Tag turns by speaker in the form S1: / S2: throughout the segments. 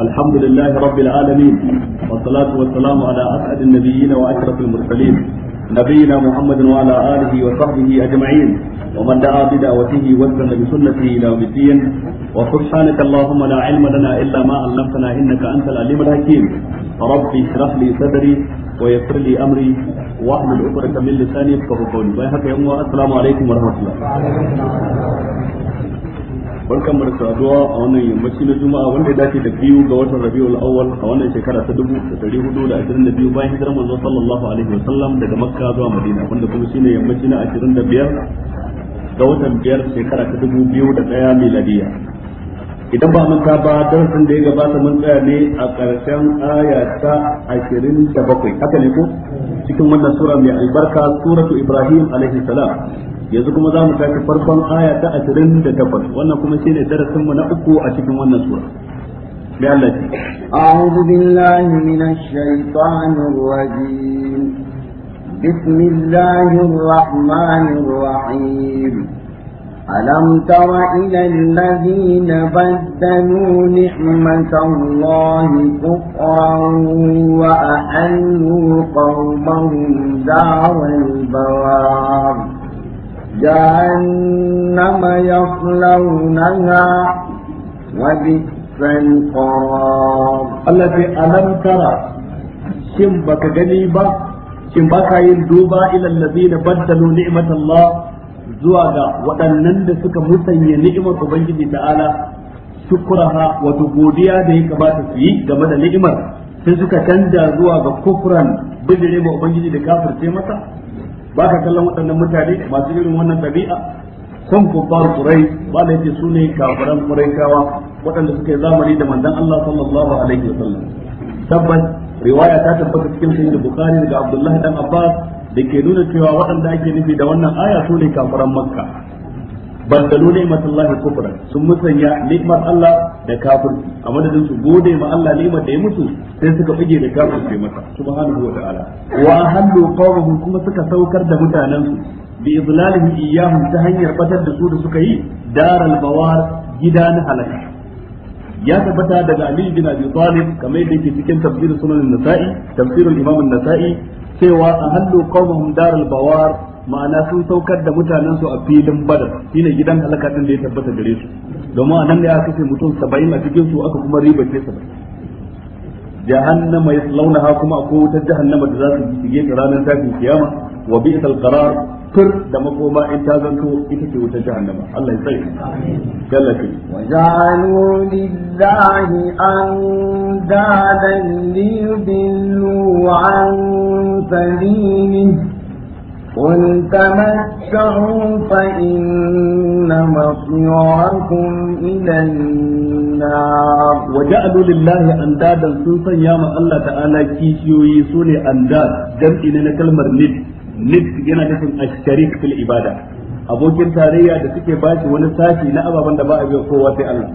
S1: الحمد لله رب العالمين والصلاة والسلام على أسعد النبيين وأشرف المرسلين نبينا محمد وعلى آله وصحبه أجمعين ومن دعا بدعوته وسلم بسنته إلى يوم الدين وسبحانك اللهم لا علم لنا إلا ما علمتنا إنك أنت العليم الحكيم ربي اشرح لي صدري ويسر لي أمري واحمل عقدة من لساني يفقه قولي السلام عليكم ورحمة الله barkan mu da saduwa a wannan yammaci na juma'a wanda ya dace da biyu ga watan rabiul awwal a wannan shekara ta dubu da dari hudu da ashirin da biyu bayan hijirar manzo sallallahu alaihi wa sallam daga makka zuwa madina wanda kuma shine yammaci na ashirin da biyar ga watan biyar shekara ta dubu biyu da daya miladiya idan ba manta ba darasin da ya gabata mun tsaya ne a ƙarshen aya ta ashirin da bakwai haka ne ko cikin wannan sura mai albarka suratu ibrahim alaihi salam yanzu kuma za mu tafi farkon aya ta ashirin da takwas wannan kuma shi ne darasin mu na uku a cikin wannan sura bi Allah ji a'udhu billahi minash shaitanir
S2: rajim bismillahir rahmanir rahim ألم تر إلى الذين بدلوا نعمة الله كفرا وأحلوا قومهم دار البوار جهنم يصلونها وبئس
S1: القرار التي ألم ترى شم بك جنيبة شم بك يندوبا إلى الذين بدلوا نعمة الله زواجا وأنن سك مسيا نعمة بنجد تعالى شكرها وتقوديا ده كما تسيي كما نعمة sai suka canja zuwa ga kufran bijire ma ubangiji da kafirce masa ba ka kallon waɗannan mutane masu irin wannan ɗabi'a kun kubbar kurai ba da yake su ne kafiran waɗanda suka yi zamani da mandan Allah sallallahu alaihi wa tabbas riwaya ta tabbata cikin sahih bukhari daga abdullahi dan abbas da ke nuna cewa waɗanda ake nufi da wannan aya su ne kafiran makka baddalu ni'matallahi kufura, sun musanya ni'mar Allah da kafirci a madadin su gode ma Allah ni'mar da ya mutu sai suka buge da kafirci masa subhanahu wa ta'ala wa hallu qawmuhum kuma suka saukar da mutanen su bi izlalihim iyyahum ta hanyar batar da su da suka yi daral bawar gida na halaka ya tabbata daga Ali bin Abi Talib kamar yadda yake cikin tafsirin sunan Nasa'i tafsirin Imam Nasa'i cewa hallu qawmuhum daral bawar ma'ana sun saukar da mutanen su a filin badar shine gidan halaka din da ya tabbata gare su domin anan ne aka ce mutum 70 a cikin su aka kuma riba ce 70 jahannama yaslaunaha kuma akwai wutar jahannama da za su shige ta ranar tafi kiyama wa bi'sal qarar tur da makoma in ta zanto ita ce wutar jahannama Allah ya tsare kallafi wa
S2: ja'alu lillahi an dadan li bil an sabilihi قل تمتعوا
S1: فإن مصيركم إلى النار وجعلوا لله أندادا سوسا يا ما الله تعالى كيشيو يسوني أنداد جمع لنا كلمة ند ند yana nufin ashtarik fil ibada abokin tarayya da suke bashi wani sashi na ababen da ba a biyo kowa sai Allah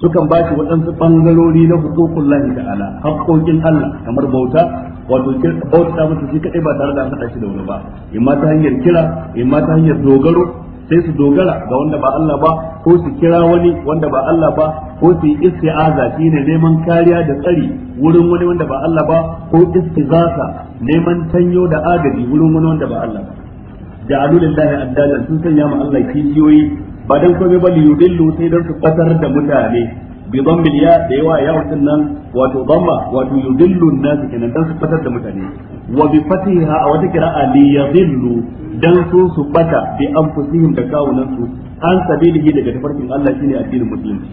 S1: sukan ba shi waɗansu ɓangarori na hukukun lahi ala, haƙoƙin Allah kamar bauta wato bauta masa shi kaɗai ba tare da an haɗa shi da wani ba imma ta hanyar kira imma ta hanyar dogaro sai su dogara ga wanda ba Allah ba ko su kira wani wanda ba Allah ba ko su yi isti'aza ne neman kariya da tsari wurin wani wanda ba Allah ba ko istizasa neman tanyo da agaji wurin wani wanda ba Allah ba da lahi addalan sun sanya ma Allah kishiyoyi ba dan komai ba li yudillu sai dan su fasar da mutane bi dhammil ya da yawa ya wannan nan wato dhamma wato yudillu nasu kenan dan su fasar da mutane wa bi fatiha a wata qira'a li yadhillu dan su su bata bi anfusihim da kawunan su an sabilihi daga tafarkin Allah shine addinin musulunci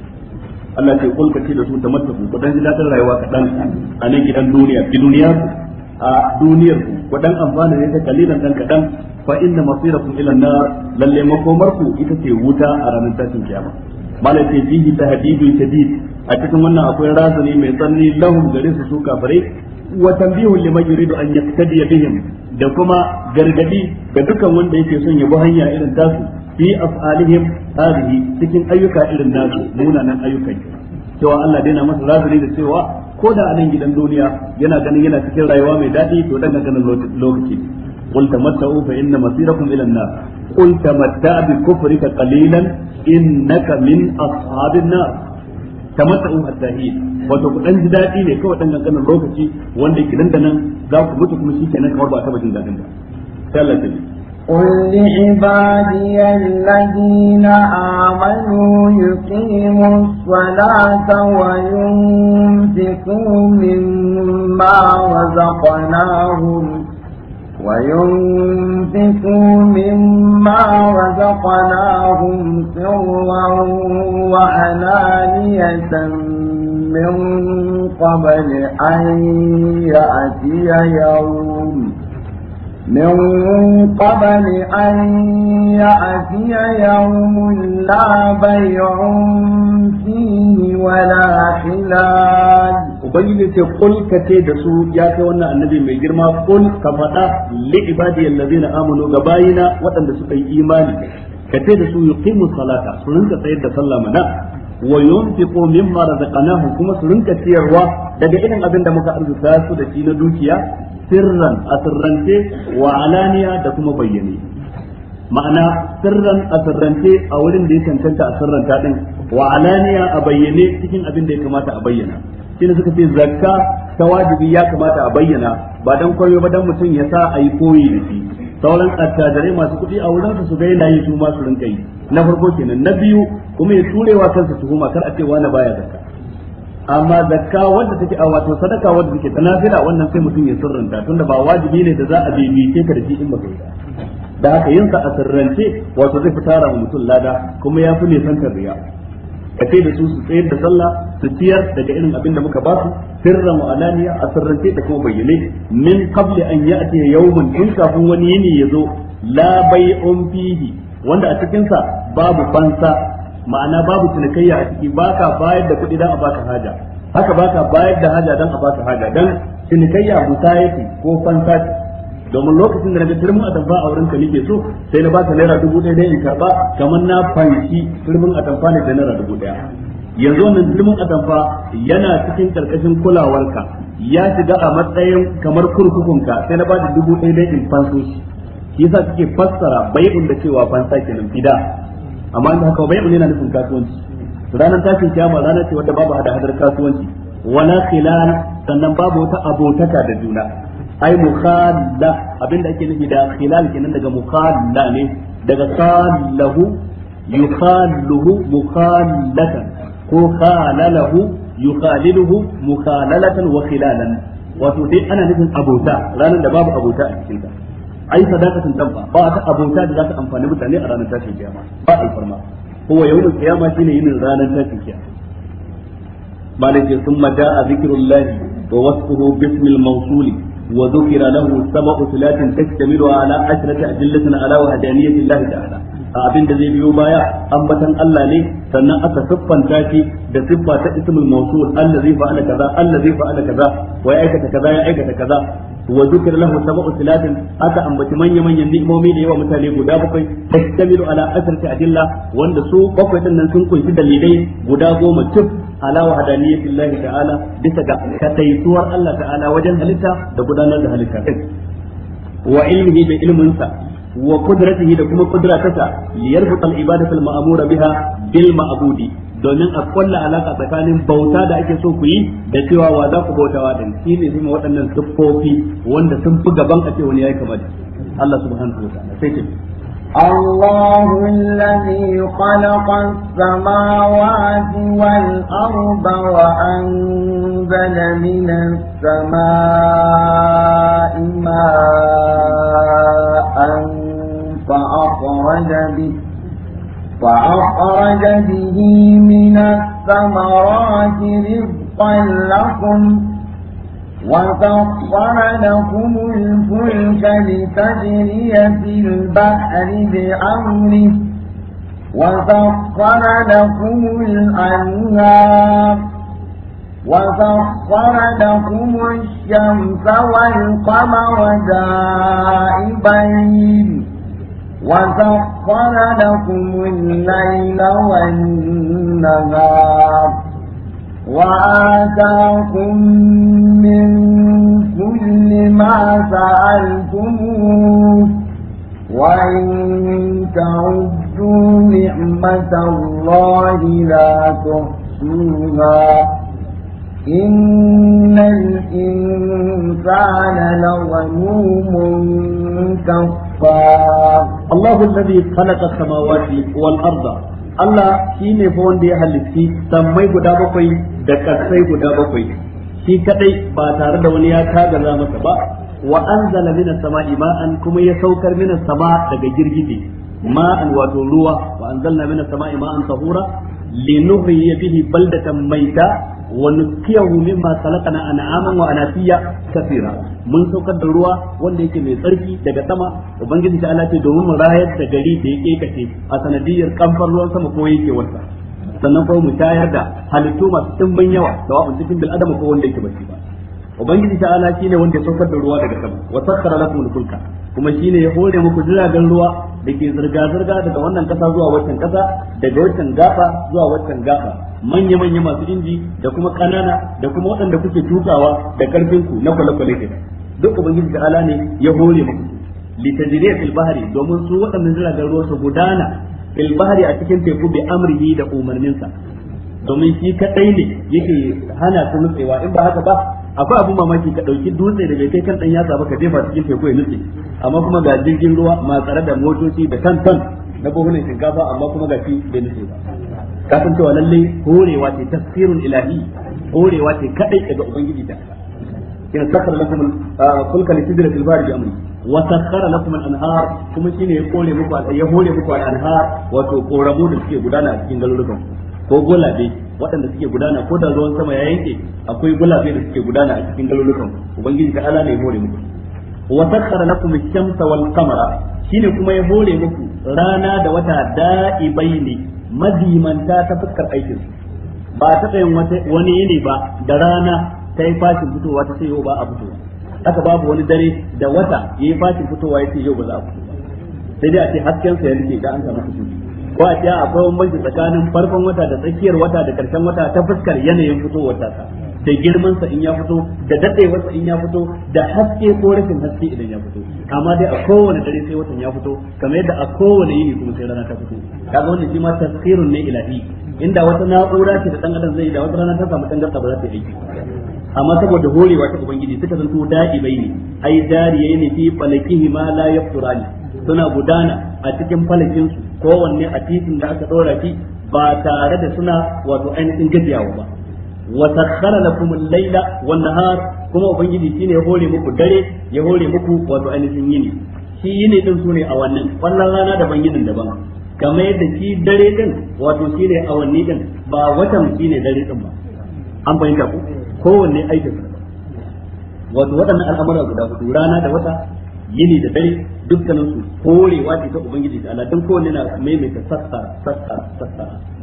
S1: Allah ce kul kace da su tamattaku ku dan gidan rayuwa kadan a nan gidan duniya bi duniya a duniyar ku ku dan amfana ne ta kalilan dan kadan fa inna masirakum ila nar lalle makomarku ita ce wuta a ranar tashin kiyama malai ce fihi tahdidun shadid a cikin wannan akwai razani mai tsanani lahum gare su su kafare wa tanbihun liman yuridu an yaqtadiya bihim da kuma gargadi ga dukkan wanda yake son ya bi hanya irin tasu fi af'alihim hadhihi cikin ayyuka irin nasu munanan ayyukan cewa Allah dai na masa razani da cewa ko da a nan gidan duniya yana ganin yana cikin rayuwa mai daɗi to dan ganin lokaci قل تمتعوا فإن مصيركم إلى النار قل تمتع بكفرك قليلا إنك من أصحاب النار tamata'u hattahi wato ku ji dadi ne kawai dan gangan lokaci wanda yake dan danan za ku mutu kuma shikenan kamar ba ta bajin dadin ba sai Allah ya
S2: قل لعبادي الذين آمنوا يقيموا الصلاة وينفقوا مما رزقناهم وينفقوا مما رزقناهم سرا وعلانية من قبل أن يأتي يوم من قبل أن يأتي يوم لا بيع فيه ولا
S1: خلال ubangiji ce kul ka ce da su ya kai wannan annabi mai girma kul ka faɗa li ibadi allazina amanu ga bayina waɗanda suka yi imani ka ce da su yuqimu salata su rinka tsayar da sallah mana wa yunfiqu mimma razaqnahum kuma su rinka ciyarwa daga irin abin da muka arzuta su da shi na dukiya sirran a sirrance wa alaniya da kuma bayyane ma'ana sirran a sirrance a wurin da ya cancanta a sirranta din wa alaniya a bayyane cikin abin da ya kamata a bayyana ne suka ce zakka ta wajibi ya kamata a bayyana ba dan koyo ba dan mutum ya sa a yi koyi da shi sauran attajirai masu kuɗi a wurin su ga yi su masu na farko kenan na biyu kuma ya turewa kansa tuhuma kar a ce wani baya zakka amma zakka wanda take a wato sadaka wanda take ta nafila wannan sai mutum ya sirrinta tunda ba wajibi ne da za a bibice ka da shi in baka yi da haka yin sa a sirrance wato zai fi tara mutum lada kuma ya fi nisan riya ka ce da su su tsayar da sallah su ciyar daga irin abin da muka ba su sirran wa a sirrance da kuma bayyane min qabli an ya'ti yawmun in kafin wani yini ya zo la bai'un fihi wanda a cikin sa babu fansa ma'ana babu cinikayya a ciki baka bayar da kuɗi dan a baka haja haka baka bayar da haja dan a baka haja dan cinikayya musayati ko fansa domin lokacin da na ga turmin atamfa a wurin ka nike so sai na baka naira dubu ɗaya dai in karɓa kamar na fahimci turmin atamfa ne da naira dubu ɗaya yanzu wannan turmin atamfa yana cikin karkashin kulawarka ya shiga a matsayin kamar kurkukunka sai na ba da dubu ɗaya dai in fanso shi yasa kike fassara bai'un da cewa fansa kenan fida amma in haka bai'un yana nufin kasuwanci ranar tashin kiyama rana ce wadda babu hada hadar kasuwanci wala khilal sannan babu wata abotaka da juna ai mukhalla abinda ake nufi da khilal kenan daga mukhalla ne daga qallahu yukhalluhu mukhallatan ko khalalahu yukhaliluhu mukhalalatan wa khilalan wato dai ana nufin abota ranar da babu abota a cikin ta ai sadaqatun tabba ba ta abota da za ta amfani mutane a ranar tashin kiyama ba alfarma huwa yawmul qiyama shine yin ranar tashin kiyama malaka thumma da'a zikrullahi wa wasfuhu bismil mawsuli وذكر له سبع صلات تشتمل على عشرة أدلة على وحدانية الله تعالى abin da zai biyo baya ambatan Allah ne sannan aka siffanta shi da siffa ta ismul mawsul allazi fa'ala kaza allazi fa'ala kaza wa ya aikata kaza ya aikata kaza wa zikr lahu sab'u silatin aka ambaci manya manyan ni'imomi da yawa mutane guda bakwai tastamilu ala a dilla, wanda su bakwai din sun kunshi dalilai guda goma tuf ala wahdaniyati Allah ta'ala bisa ga kadaituwar Allah ta'ala wajen halitta da gudanar da halitta wa ilmihi da ilminsa wa qudratihi da kuma qudratata liyarbuta al-ibadatu al-ma'mura biha bil ma'budi domin a kulla alaka tsakanin bauta da ake so ku yi da cewa wa za ku wa din shi ne zama waɗannan siffofi wanda sun fi gaban a ce wani yayi kamar Allah subhanahu wa ta'ala sai ce الله
S2: الذي خلق السماوات والأرض وأنزل من السماء ماء فأخرج به فأخرج به من الثمرات رزقا لكم وسخر لكم الفلك لتجري في البحر بأمره وسخر لكم الأنهار وسخر لكم الشمس والقمر دائبين وسخر لكم الليل والنهار وآتاكم من كل ما سألتموه وإن تعدوا نعمة الله لا تحصوها إن الإنسان لظلوم
S1: كفار الله الذي خلق السماوات والأرض Allah shi ne fa wanda ya halitti sammai guda bakwai da ƙasai guda bakwai shi kadai ba tare da wani ya tagaza masa ba wa anzala minas sama'i ma'an kuma ya saukar mina sama daga girgije ma'an wato ruwa wa anzalna minas sama'i ma'an tahura linuhyiya bihi baldatan maita ونسقيه مما خلقنا انعاما واناسيا كثيرا mun saukar da ruwa wanda yake mai tsarki daga sama ubangiji ta Allah ce domin mu rayar da gari da yake kace a sanadiyar kamfar ruwan sama ko yake wasa sannan kuma mu tayar da halittu masu dimbin yawa sawa'un cikin bil adama ko wanda yake bashi ba ubangiji ta Allah shine wanda ya saukar da ruwa daga sama wa sakhara lakum al-fulka kuma shine ya hore muku jiragen ruwa da ke zirga zirga daga wannan kasa zuwa waccan kasa daga waccan gafa zuwa waccan gafa manya manya masu inji da kuma kanana da kuma waɗanda kuke tukawa da karfin ku na kwale-kwale ke duk ubangiji da ala ne ya hore muku litajriya fil bahri domin su waɗannan jiragen ruwa su gudana fil bahri a cikin teku bi amrihi da umarninsa domin shi kadai ne yake hana su nutsewa in ba haka ba akwai abin mamaki ka dauki dutse da bai kai kan dan yatsa ba ka jefa cikin teku ya nutse amma kuma ga jirgin ruwa ma tsare da motoci da tantan na buhunan shinkafa amma kuma ga shi bai nutse ba kafin cewa lalle horewa ce tafsirun ilahi horewa ce kadai daga ubangiji da in sakhara lakum fulka li tidra fil bahri bi amri wa sakhara lakum al anhar kuma shine ya kore muku ya hore muku al anhar wato koramu da suke gudana a cikin galurukan ko gulabe waɗanda suke gudana ko da ruwan sama ya yanke akwai gulabe da suke gudana a cikin galurukan ubangiji ta ala ne ya hore muku wa sakhara lakum ash-shamsa wal qamara shine kuma ya hore muku rana da wata da'ibaini ne madimanta ta fuskar aikin ba ta tsayin wani yini ba da rana ta yi fashin fitowa ta sai yau ba a fitowa haka babu wani dare da wata ya yi fashin fitowa ya ce yau ba za a fito sai dai a ce hasken sa ya rike da an samu fitowa ko a ce akwai bambanci tsakanin farkon wata da tsakiyar wata da karshen wata ta fuskar yanayin fitowar ta da girman sa in ya fito da dadewar sa in ya fito da haske ko rashin haske idan ya fito amma dai a kowane dare sai watan ya fito kamar yadda a kowane yini kuma sai rana ta fito kaga wannan shi ma tasirun ne ilahi inda wata na'ura ce da dan adam zai da wata rana ta samu tangarda ba za ta yi aiki amma saboda horewa ta ubangiji suka zanto da'ibai ne ai dariyai ne fi falakihi ma la yafturani suna gudana a cikin falakin su kowanne a titin da aka dora shi ba tare da suna wato ainihin gajiyawa ba wa sakhkhara lakum al-layla wan-nahar kuma ubangiji shine ya hore muku dare ya hore muku wato ainihin yini shi yini din sune a wannan wannan rana daban yinin daban kamar yadda shi dare din wato shine awanni din ba watan shine dare din ba an fahimta ku kowanne aikin ba. wato waɗannan al'amura guda hudu rana da wata yini da dare dukkanin su horewa ce ta ubangiji da Allah dan kowanne na maimaita sassa sassa sassa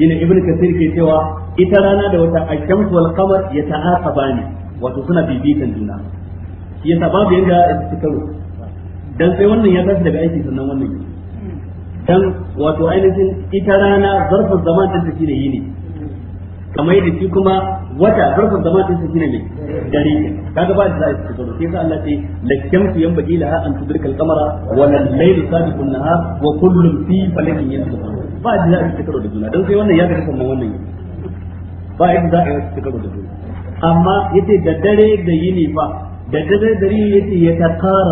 S1: shine ibn kasir ke cewa ita rana da wata ash-shams wal qamar yata'aqabani wato suna bibitan juna ya sababu babu yanda su karo dan sai wannan ya tashi daga aiki sannan wannan dan wato ainihin ita rana zarfin zaman da take da yini kamar yadda shi kuma wata zarfin zaman din shine ne dare kaga ba da su karo sai Allah ce lakkam fi yan bagila an tudrika al-qamara wa al-layl sabiqun nahar wa kullun fi falakin yasbahun ba da yaki ci karo da juna don sai wannan ya ga kuma wannan ba yadda za a yi ci karo da juna amma ce da dare da yini fa da dare da yini ce ya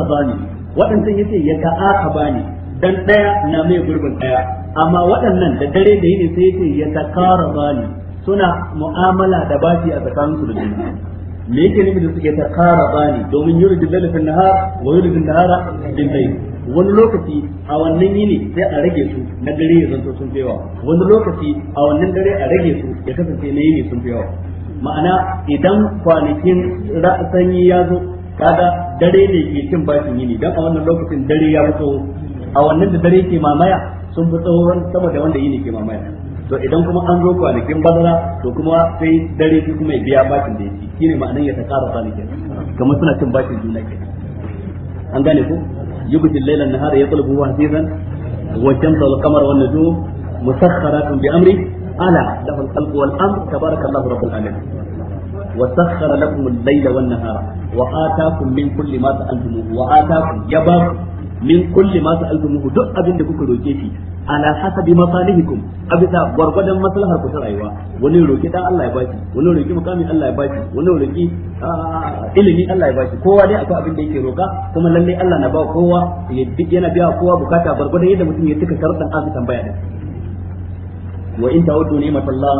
S1: ba ne ya ce ya ba ne dan ɗaya na mai gurbin Ɗaya amma waɗannan da dare da yini sai ce ya ba ne suna mu'amala da bashi a tsakaninsu da juna me yake nufi da suke ba ne domin yuridu lalafin nahar wa yuridu nahara din bai wani lokaci a wannan yini sai a rage su na dare ya zanto sun fi yawa wani lokaci a wannan dare a rage su ya kasance na yini sun fi yawa ma'ana idan kwanakin sanyi ya zo kada dare ne ke cin bashin yini dan a wannan lokacin dare ya fito a wannan da dare ke mamaya sun fi tsohon sama da wanda yini ke mamaya to idan kuma an zo kwanakin bazara to kuma sai dare su kuma ya biya bashin da yake shine ma'anar ya ta kara kwanakin kamar suna cin bashin juna ke an gane ko yubdi al-layla an-nahara yatlubuhu hasiran wa shamsa wal-qamara wan-nujum مسخرات بأمره ألا له الخلق والأمر تبارك الله رب العالمين وسخر لكم الليل والنهار وآتاكم من كل ما سألتموه وآتاكم يباكم min kulli ma sa'altumuhu duk abin da kuka roke shi ala hasabi masalihikum abisa gwargwadon maslahar ku ta rayuwa wani roki dan Allah ya baki wani roki mukamin Allah ya baki wani roki ah, ilimi Allah ya baki kowa dai akwai abin da yake roka kuma lalle Allah na ba kowa ya yana biya kowa bukata gwargwadon yadda mutum ya tuka sharuɗan azu tambaya din wa in ta'udu ni'matallah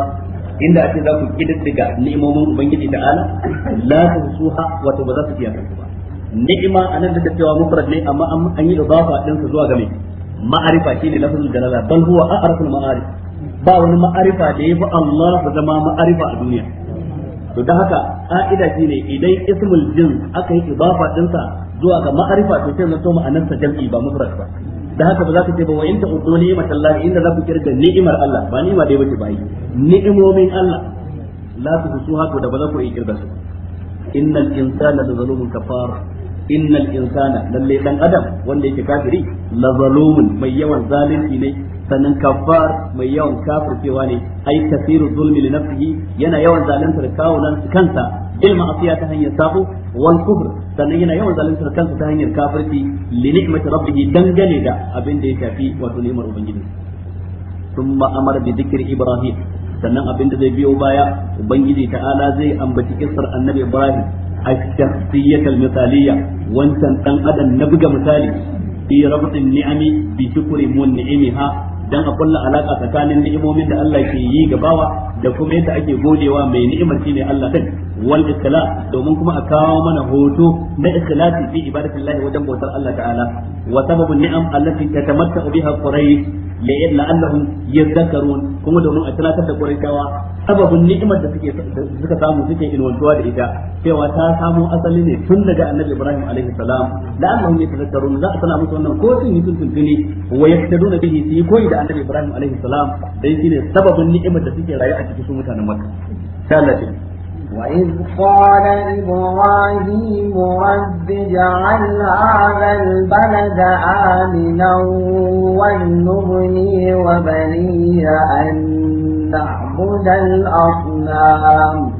S1: inda ake za ku kididdiga ni'imomin ubangiji ta'ala la tuhsuha wato ba za su iya kanku ba ni'ima anan da cewa mufrad ne amma an yi idafa din su zuwa ga mai ma'arifa shine lafzul jalala bal huwa a'raful ma'arif ba wani ma'arifa da yafi Allah zama ma'arifa a duniya to da haka ka'ida shine idan ismul jins aka yi idafa din sa zuwa ga ma'arifa to sai zato ma'anar sa jam'i ba mufrad ba da haka ba za ka ce ba wa inda udu ni'mat Allah inda za ku kirga ni'imar Allah ba ni'ima dai bace bai ni'imomin Allah la tuhsuha to da ba za ku yi kirga su innal insana la zalumun kafar innal insana lalle dan adam wanda yake kafiri la zalumun mai yawan zalunci ne sannan kafar mai yawan cewa ne ai kasiru zulmi li nafsihi yana yawan zaluntar kawunan kansa bil ma'asiya ta hanyar sabo wal kufr sannan yana yawan zaluntar kansa ta hanyar kafirci li ni'mati rabbih dangane da abin da ya shafi wato ni'mar ubangiji thumma amara bi dhikri ibrahim sannan abin da zai biyo baya ubangiji ta'ala zai ambaci kissar annabi ibrahim الشخصية المثالية وانت أن أدن نبقى مثالي في ربط النعم بشكر منعمها dan a kulla alaka tsakanin ni'imomin da Allah ke yi gabawa da kuma yadda ake godewa mai ni'imar shine Allah din wal ikhlas domin kuma a kawo mana hoto na ikhlasi fi ibadatillahi wajen bautar Allah ta'ala wa sababun ni'am allati tatamatta'u biha quraish la'allahum yadhakkarun kuma domin a tunatar da quraishawa sababun ni'imar da suke suka samu suke inwantuwa da ita cewa ta samo asali ne tun daga annabi Ibrahim alaihi salam la'allahum yatadhakkarun za a tana musu wannan ko sun yi tuntuni wa yaktaduna bihi su yi koyi da annabi Ibrahim alaihi salam dai shine sababun ni'imar da suke raye a cikin su mutanen Makka sai Allah
S2: وإذ قال إبراهيم رب اجعل هذا البلد آمنا واجنبني وبني أن نعبد الأصنام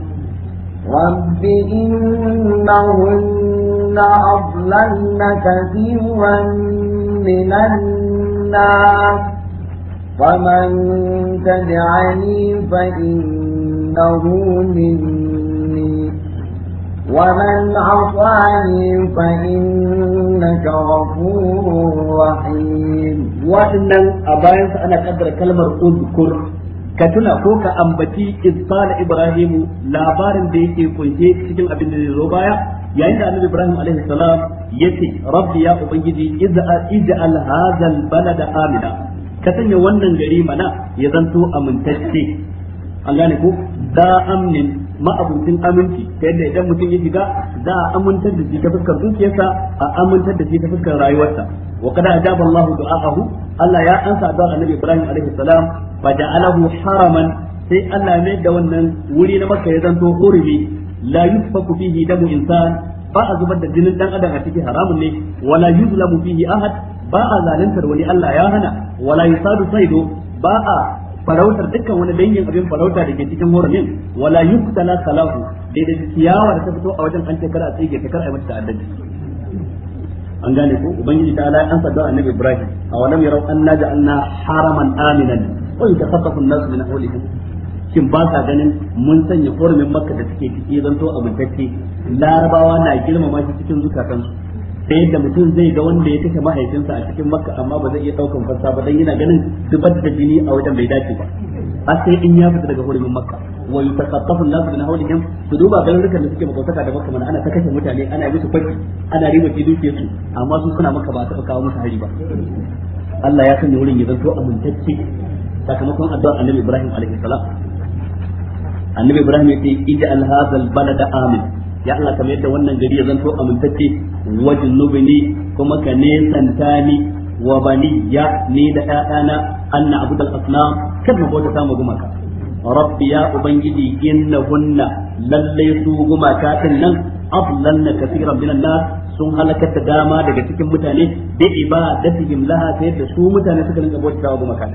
S2: رب إنهن أضللن كثيرا من الناس ومن تدعني فإنه مني ومن عصاني
S1: فإنك غفور رحيم وإن أبايس أنا قدر كلمة أذكر كتنا فوك أنبتي إذ قال إبراهيم لا بارن ديكي كنتي سجن أبن الرباية yayin da annabi ibrahim alaihi salam yace rabbi ya ubangiji ij'al bana da amina ka sanya wannan gari mana ya zanto amintacce an gane da amnin ma'abucin aminci ta yadda idan mutum ya shiga za a amintar da shi ta fuskar dukiyarsa a amintar da shi ta fuskar rayuwarsa wa kada ajaba Allah du'a'ahu Allah ya ansa addu'ar Annabi Ibrahim alaihi salam fa ja'alahu haraman sai Allah ya da wannan wuri na Makka ya zanto hurumi la yusfaku fihi damu insan ba a zubar da jinin dan adam a cikin haramun ne wala yuzlamu fihi ahad ba a zalantar wani Allah ya hana wala yusadu saido ba a farautar dukkan wani dangin abin farauta da ke cikin horamin wala yuktala salahu daidai da ciyawa da ta fito a wajen an ce a tsige ta kar a mata ta'addadi an gane ko ubangiji ta ala an sadda annabi ibrahim a walam yarau anna ja'alna haraman aminan wa yatakhaffafu an-nas min hawlihim kin ba sa ganin mun sanya hurumin makka da suke ciki zanto abin tacce larabawa na girmama shi cikin zukatansu ta yadda mutum zai ga wanda ya kashe mahaifinsa a cikin makka amma ba zai iya daukan fassa ba dan yana ganin zubar da jini a wajen bai dace ba har sai in ya fita daga hurumin makka wa yutaqaffafu an-nas min hawlihim su duba garurukan da suke makwataka da makka mana ana ta kashe mutane ana yi musu kwaki ana riba ki duke su amma su suna maka ba ta kawo musu hari ba Allah ya sanya wurin ya zanto amintacce sakamakon addu'ar Annabi Ibrahim alaihi salam Annabi Ibrahim ya ce ij'al hadzal balada amin ya Allah kamar yadda wannan gari ya zanto amintacce wajnubni kuma ka nesanta ni wa baniya ni da na anna abudal asna kar mu bauta ta gumaka rabbi ya ubangiji innahunna lallai su gumaka din nan adlanna kaseeran minan nas sun halakar da dama daga cikin mutane da ibadatihim laha sai da su mutane suka rinka bauta ta gumaka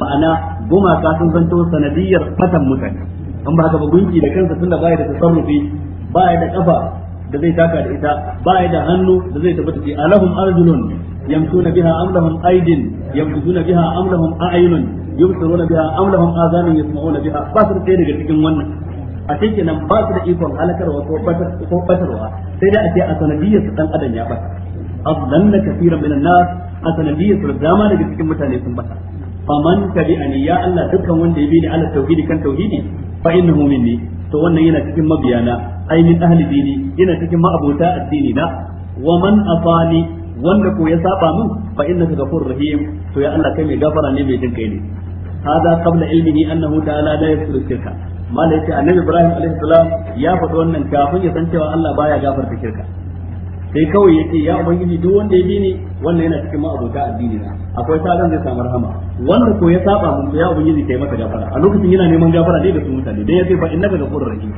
S1: ma'ana gumaka sun zanto sanadiyar fatan mutane an ba haka ba gunki da kansa tunda baya da tasarrufi ba ya da kafa da zai taka da ita ba ya da hannu da zai tafi tafi alahum arjulun yamsuna biha am lahum aydin yamsuna biha am lahum a'yunun yubsiruna biha am lahum azanun yasma'una biha ba su da daga cikin wannan a cikin nan ba su da ikon halakarwa ko ko batarwa sai da ake a sanadiyyar dan adam ya bata afdanna kaseeran minan nas a sanadiyyar dama daga cikin mutane sun bata faman tabi'ani ya Allah dukkan wanda ya bi ni ala tauhidi kan tauhidi fa innahu minni to wannan yana cikin mabiyana ainin ahli dini yana cikin ma'abota addini na wa man afani wanda ko ya saba min fa innaka ghafurur rahim to ya Allah kai mai gafara ne mai jin kai ne hada qabla ilmihi annahu ta'ala la yaghfiru shirka malai ce annabi ibrahim alaihi salam ya faɗi wannan kafin ya san cewa Allah baya gafarta shirka sai kawai ce ya ubangiji duk wanda ya bi ni wannan yana cikin ma'abota addini na akwai sa zai samu rahama wanda ko ya saba mun to ya ubangiji kai masa gafara a lokacin yana neman gafara dai da su mutane dai yace fa innaka ghafurur rahim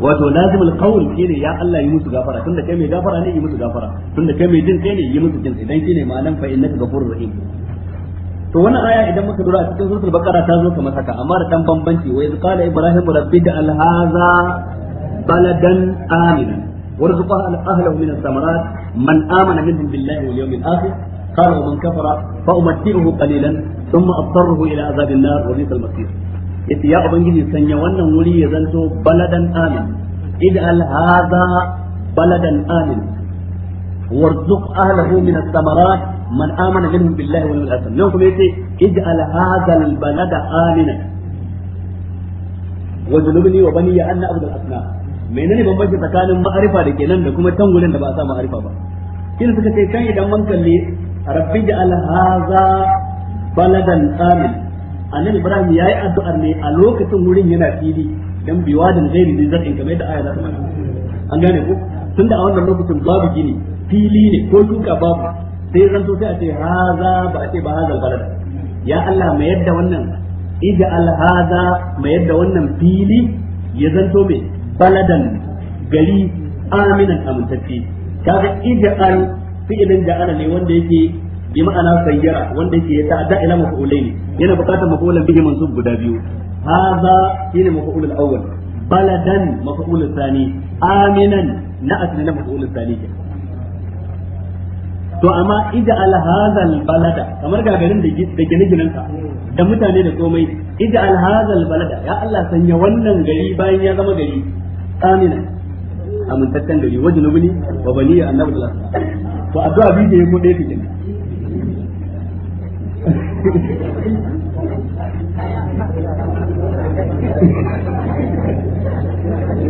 S1: wato lazimul qawl shine ya Allah yi musu gafara tunda kai mai gafara ne yi musu gafara tunda kai mai jin kai ne yi musu jin idan shine ma'anan fa innaka ghafurur rahim to wannan aya idan muka dora a cikin suratul baqara ta zo ta masaka. amma da dan bambanci wa iz qala ibrahim rabbi ja'al hadha baladan aminan warzuqha ahlahu min ath-thamarat man amana minhum billahi wal yawmil akhir قال ومن كفر فأمتعه قليلا ثم أضطره إلى عذاب النار وبئس المصير yace ya ubangiji sanya wannan wuri ya zanto baladan amin id'al hadha baladan amin warzuq ahlihi min ath-thamarat man amana minhum billahi wal yawmil akhir yau kuma yace id'al hadha al-balada amina wa bani ya abdul menene bambanci tsakanin ma'arifa da kenan da kuma tangulen da ba a sa ma'arifa ba kina suka ce kan idan man kalle rabbi ja'al haza baladan amin annabi ibrahim yayi addu'ar ne a lokacin wurin yana fili dan biwadin gairi zai zakin kamar da aya za ta an gane ku? tunda a wannan lokacin babu gini fili ne ko duka babu sai zan so sai a ce haza ba a ce ba haza balada ya Allah mai yadda wannan ija alhaza mai yadda wannan fili ya zanto mai baladan gari aminan amintacce kaga ija al fi'ilin ja'ala ne wanda yake bi ma'ana sayyara wanda yake ya ta'adda ila maf'ulain yana buƙatar maf'ulan bihi mansub guda biyu hadha shine maf'ul al-awwal baladan maf'ul al-thani aminan na asli na maf'ul al-thani to amma ija al hadha al balada kamar ga garin da gine ginensa da mutane da komai ija al hadha al balada ya Allah sanya wannan gari bayan ya zama gari aminan amintaccen gari wajen nubini wa baniya annabi sallallahu alaihi wasallam to addu'a bi da ya gode ta kenan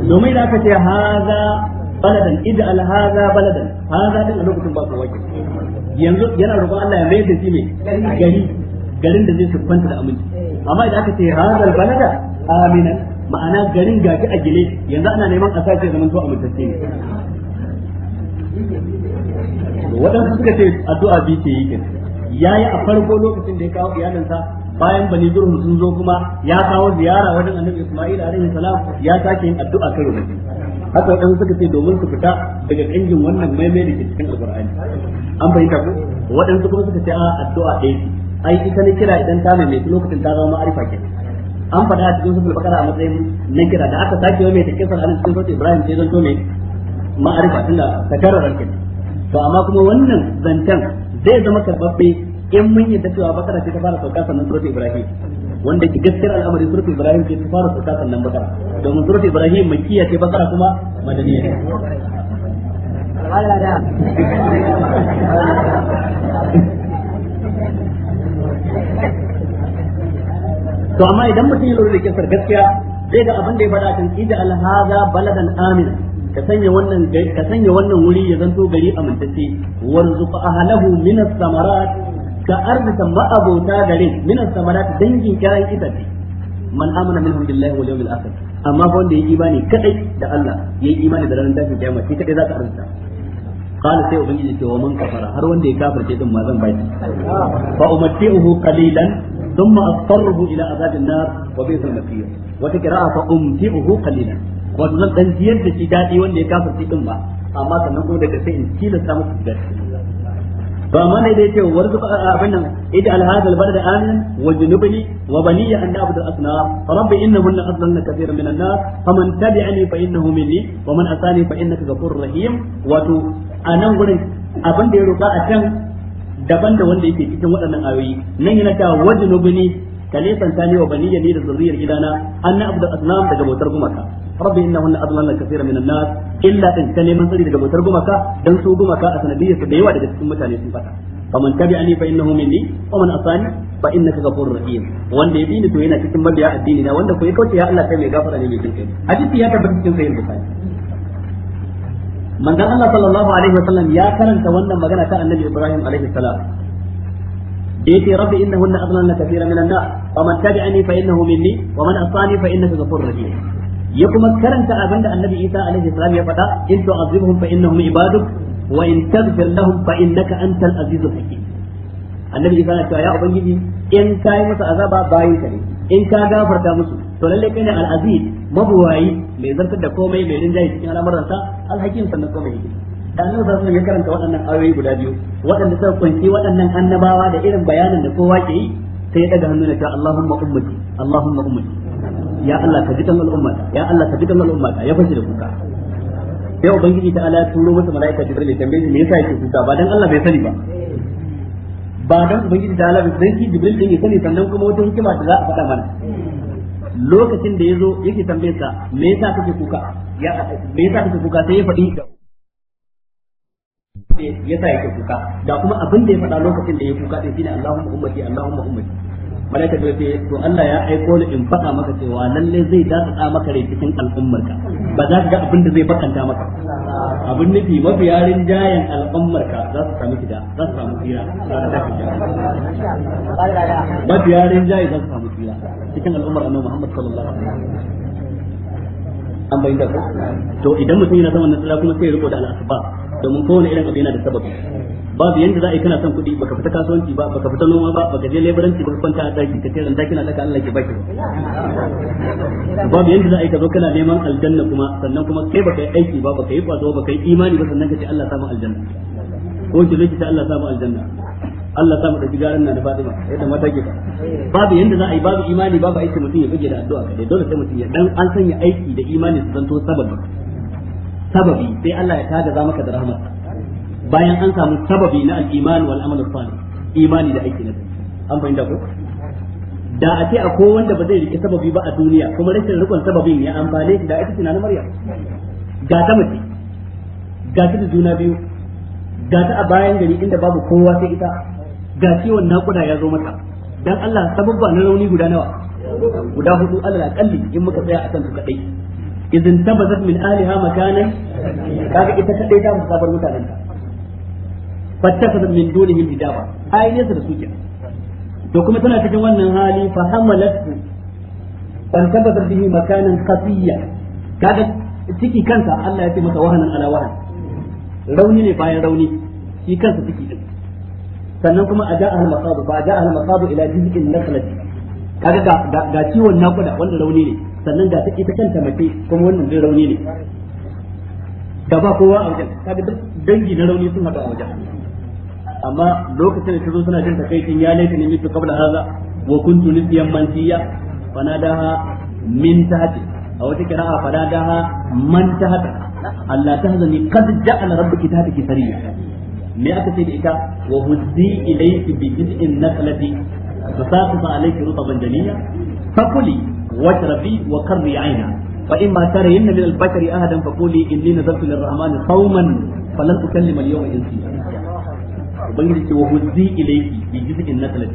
S1: domin da aka ce haza baladan ij'al haza baladan haza din a lokacin ba waje yanzu yana roƙon Allah ya mai da shi mai gari garin da zai siffanta da aminci amma idan aka ce haza balada aminan ma'ana garin gaji a gile yanzu ana neman a sace zaman to amintacce ne waɗansu suka ce addu'a bi ce yi ya yi a farko lokacin da ya kawo iyalinsa bayan bani durhum sun zo kuma ya kawo ziyara wajen annabi Isma'il alaihi salam ya sake yin addu'a karo da haka wadansu suka ce domin su fita daga ƙangin wannan maimai da ke cikin alqur'ani an fahimta ko waɗansu kuma suka ce a addu'a ɗaya ce ai ita ne kira idan ta mai lokacin ta zama ma'arifa ke an faɗa a cikin sufil bakara a matsayin na kira da aka sake wa mai ta kisar alin cikin sautin ibrahim sai zan tome ma'arifa tunda ta kararar kenan to amma kuma wannan zancen zai zama karbabbe in mun yi yadda cewa bakara ce ta fara sauka sannan surat ibrahim wanda ke gaskiyar al'amari surat ibrahim ce ta fara sauka sannan bakara domin surat ibrahim makiya ce bakara kuma madaniya ne to amma idan mutum ya lura da kisar gaskiya zai ga abin da ya faɗa kan ida alhaza baladan Amin. ka sanya wannan ka sanya wannan wuri ya zanto gari amintacce warzuq ahlahu min as-samarat ka arzika ma'abota garin min as-samarat dangin kayan itace man amana minhum billahi wal yawmil akhir amma fa wanda yayi imani kadai da Allah yayi imani da ranar tashin kiyama shi kadai zaka arzika qala sai ubangiji ce wa man kafara har wanda ya kafirce din ma zan bai fa umatti'uhu qalilan thumma astarruhu ila azabin nar wa bi'sal masir wata wato zan dan jiyar da shi dadi wanda ya kafa shi din ba amma sannan kuma daga sai in tilasta muku shiga Ba ma ne da yake warzu abin nan idan alhada albalad amin wa junubni wa baniya an na'budu al-asnam rabbi innahun adlalna kathiran minan nas faman tabi'ani fa innahu minni wa man asani fa innaka ghafurur rahim wato anan gurin abin da ya roka a can daban da wanda yake cikin waɗannan ayoyi nan yana ta wajnubni ka nisanta ne wa baniya ni da zuriyar gidana an na'budu al-asnam daga bautar gumaka rabbi innahunna adlalna kaseeran minan nas illa in ka neman tsari daga bautar gumaka dan su gumaka a sanadiyyar su da yawa daga cikin mutane sun fata faman tabi'ani fa innahu minni wa man asani fa innaka ghafurur rahim wanda ya bini to yana cikin mabiya addini na wanda ko ya kauce ya Allah kai mai gafara ne mai jin kai hadisi ya tabbata cikin sahih bukhari manzon Allah sallallahu alaihi wasallam ya karanta wannan magana ta annabi Ibrahim alaihi salam rabbi يتي ربي إنهن أضللن كثيرا من الناس ومن تبعني فإنه مني ومن أصاني فإنك غفور رحيم ya kuma karanta abinda annabi Isa alaihi salam ya faɗa in tu'azibhum fa innahum ibaduk wa in taghfir lahum fa innaka antal azizul hakim annabi Isa ya ce ya ubangiji in kai musu azaba bayin ka ne in ka gafarta musu to lalle kai ne al-aziz mabuwayi mai zartar da komai mai rinjaye cikin al'amuransa al-hakim sannan komai da annabi sallallahu alaihi ya karanta waɗannan ayoyi guda biyu waɗanda suka kunshi waɗannan annabawa da irin bayanan da kowa ke yi sai ya daga hannu na ta Allahumma ummati Allahumma ummati ya Allah ka jikan al'umma ya Allah ka jikan al'umma ya fashi da kuka sai ubangiji ta Allah turo masa malaika jibril tambaye me yasa yake kuka ba dan Allah bai sani ba ba dan ubangiji ta Allah dan shi jibril din ya sani sannan kuma wata hikima da za a faɗa mana lokacin da yazo yake tambaye ka me yasa kake kuka ya me yasa kake kuka sai ya faɗi yasa yake kuka da kuma abin da ya faɗa lokacin da ya kuka din shine Allahumma ummati Allahumma ummati malaika da ce to Allah ya aiko ni in faɗa maka cewa lalle zai datsa maka rai cikin al'ummarka ba za ka ga abin da zai bakanta maka abin nufi mafi yarin jayan al'ummarka za su samu gida za su samu tsira za su samu tafi mafi yarin jayi za su samu tsira cikin al'ummar annabi Muhammad sallallahu alaihi wasallam an bayyana to idan mutum yana zaman nasara kuma sai ya riko da al'asba domin kowane irin abu yana da sababi babu yanda za a yi kana son kuɗi baka fita kasuwanci ba baka fita noma ba baka je leburanci ba kwanta a daki ka ce ranta na daka Allah ke baki babu yanda za a yi ka zo kana neman aljanna kuma sannan kuma kai baka yi aiki ba baka yi kwazo baka yi imani ba sannan ka ce Allah samu aljanna ko ki zo ki ce Allah samu aljanna Allah samu da garan na da Fatima yadda mata ke ba babu yanda za a yi babu imani babu aiki mutum ya buge da addu'a kadai dole sai mutum ya dan an sanya aiki da imani su zanto sababi sababi sai Allah ya tada za maka da rahmatsa bayan an samu sababi na al-iman wal amal salih imani da aiki na an fahimta ko da a ce akwai wanda ba zai rike sababi ba a duniya kuma rashin rikon sababin ya amfane shi da aiki tunanin Maryam ga ta mace ga ta da juna biyu ga ta a bayan gari inda babu kowa sai ita ga ciwon nakuda ya zo mata dan Allah sababba na rauni guda nawa guda hudu alal akalli in muka tsaya akan su kadai idan tabazat min aliha makanan kaga ita kadai ta musabar mutanen ta fattakhadhat min dunihim hijaba ai ne da su kenan to kuma tana cikin wannan hali fa hamalatu an tabbata bihi makanan qatiyya kaga ciki kansa Allah ya ce masa wahanan ala wahan rauni ne bayan rauni shi kansa ciki din sannan kuma a ja'a al-masadu fa ja'a al-masadu ila jiz'in nakhlati kaga ga ga ciwon nakuda wanda rauni ne sannan ga take ta kanta mace kuma wannan din rauni ne da ba kowa a wajen kaga duk dangi na rauni sun haɗu a wajen amma lokacin da tazo suna jin takaicin ya laita ne mutu kabla haza wa kuntu nisyan mansiya fanadaha min tahti a wata kira'a fanadaha man tahta Allah ta tahzani qad ja'ala rabbuki ki sariya me aka ce da ita wa huzzi ilayki bi jiz'in naqlati tasaqqa alayki rutaban jamia fakuli washrabi wa qarri 'ayna فإما ترين من البشر أحدا فقولي إني نذرت للرحمن صوما فلن أكلم اليوم إنسيا ubangiji ce wa huzzi ilayki bi jiz'in nakhlat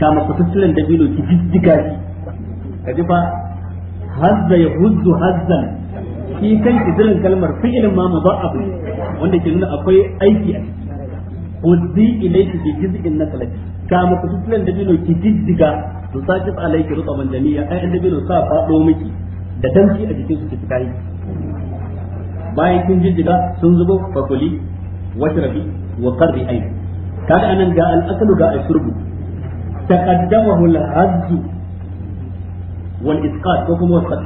S1: kama kutulan dabino ki jijjiga shi kaji fa hazza ya huzzu hazzan shi kan kidirin kalmar fi'ilin ma mudha'af wanda ke nuna akwai aiki a ciki huzzi ilayki bi jiz'in nakhlat kama kutulan dabino ki jijjiga to saqit alayki rutaban jami'a ai dabino sa fado miki da danki a jikin su ki fita yi bayan kin jijjiga sun zubo fakuli washrabi wa qarri ayn kaga anan ga al-aslu ga al-shurbu taqaddamahu al-hazzu wal itqad ko kuma wasat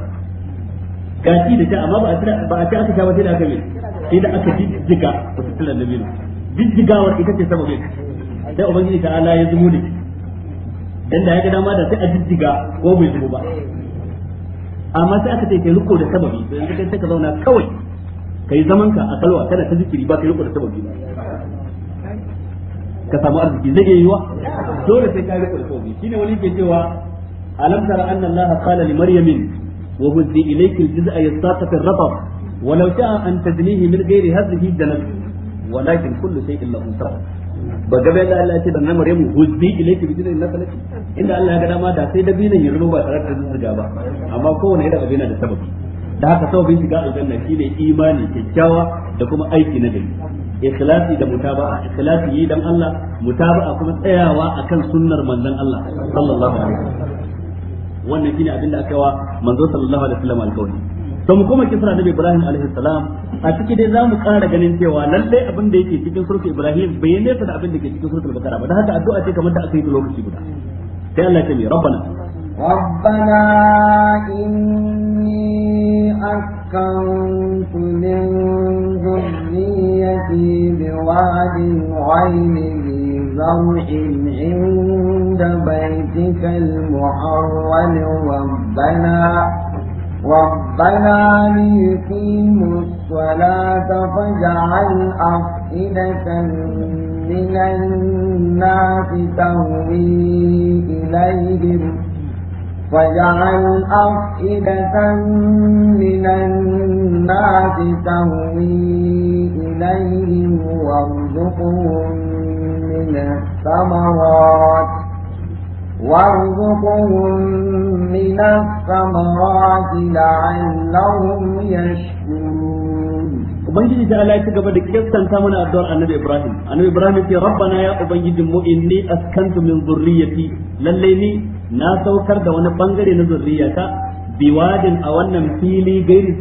S1: gaci da ta amma ba a ba a ta aka shawo sai da aka yi sai da aka jijjiga wa sallallahu nabi jijjiga wa ita ce sababin sai ubangiji ta ala ya zumo da dan da ya ga dama da sai a jijjiga ko bai zubo ba amma sai aka ce kai riko da sababi yanzu kai sai ka zauna kawai kai zaman ka a kalwa kada ta zikiri ba kai riko da sababi ba ka samu arziki zai iya yiwa dole sai ka rike alƙawari shine wani ke cewa alam tara anna Allah qala li maryamin wa huzzi ilayki al-jiz'a yastata fi ar-ratab wa law sha'a an tadnihi min ghairi hadhihi dalal walakin kullu shay'in lahu sabab ba gabe da Allah ya ce dan maryamu huzzi ilayki bi jiz'in nakhlat inda Allah ya ga dama da sai dabinan ya rubo ba tare da zuga ba amma kowane da dabina da sababi da haka sababin shiga aljanna shine imani kyakkyawa da kuma aiki na gari ikhlasi da mutaba'a ikhlasi yi dan Allah mutaba'a kuma tsayawa akan sunnar manzon Allah sallallahu alaihi wasallam wannan shine abin da aka wa manzo sallallahu alaihi wasallam alƙawari to mu koma kisra nabi Ibrahim alaihi salam a ciki dai zamu ƙara ganin cewa lalle abin da yake cikin surka Ibrahim bai yi nesa da abin da ke cikin surka Bakara ba Da haka addu'a ce kamar da aka yi lokaci guda sai Allah ya ce rabbana
S2: rabbana inni أسكنت من ذريتي بواد غير ذي زرع عند بيتك المحرم ربنا ربنا ليقيموا الصلاة فاجعل أفئدة من الناس تهوي إليهم واجعل أفئدة من الناس تهوي إليهم وارزقهم من الثمرات وارزقهم من الثمرات لعلهم
S1: يشكرون ubangiji ta Allah ya gaba da kyautanta mana addu'ar annabi Ibrahim annabi Ibrahim ya ce rabbana ya ubangijin mu inni askantu min dhurriyyati lalle ni na saukar da wani bangare na zurriyata biwadin a wannan fili gairi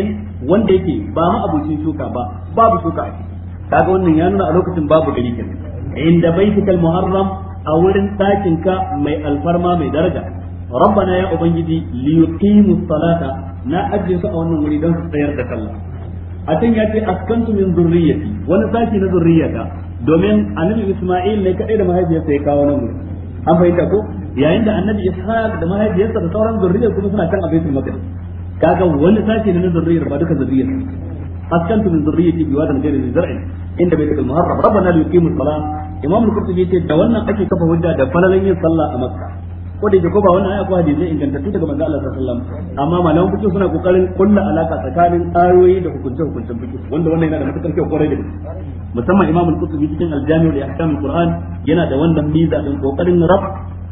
S1: in wanda yake ba ma abincin shuka ba babu shuka a ciki kaga wannan ya nuna a lokacin babu gari kenan inda baitikal muharram a wurin ka mai alfarma mai daraja rabbana ya ubangiji li yuqimu salata na ajiye su a wannan wuri don su tsayar da sallah a can ya ce askantu min zurriyati wani saki na zurriyata domin annabi isma'il ne kadai da mahaifiyarsa ya kawo nan wuri an fahimta ko yayin da annabi ishaq da mahaifiyarsa da sauran zurriyar kuma suna kan abaitul maqdis kaga wani sashi ne na zurriyar ba duka zurriyar askantu min zurriyyati bi wadan ghayri zar'in inda bai al-muharram rabbana li yuqimu as-salah imam al-qurtubi yace da wannan ake kafa hujja da falalan yin sallah a makka ko da ko ba wannan aya ko hadisi ingantattu daga manzo Allah sallallahu alaihi wasallam amma malamu fiqh suna kokarin kulla alaka tsakanin ayoyi da hukunce hukuncen fiqh wanda wannan yana da matukar kyau kwarai da musamman Imam al-Qurtubi cikin al-Jami' li ahkam al-Qur'an yana da wannan miza din kokarin rab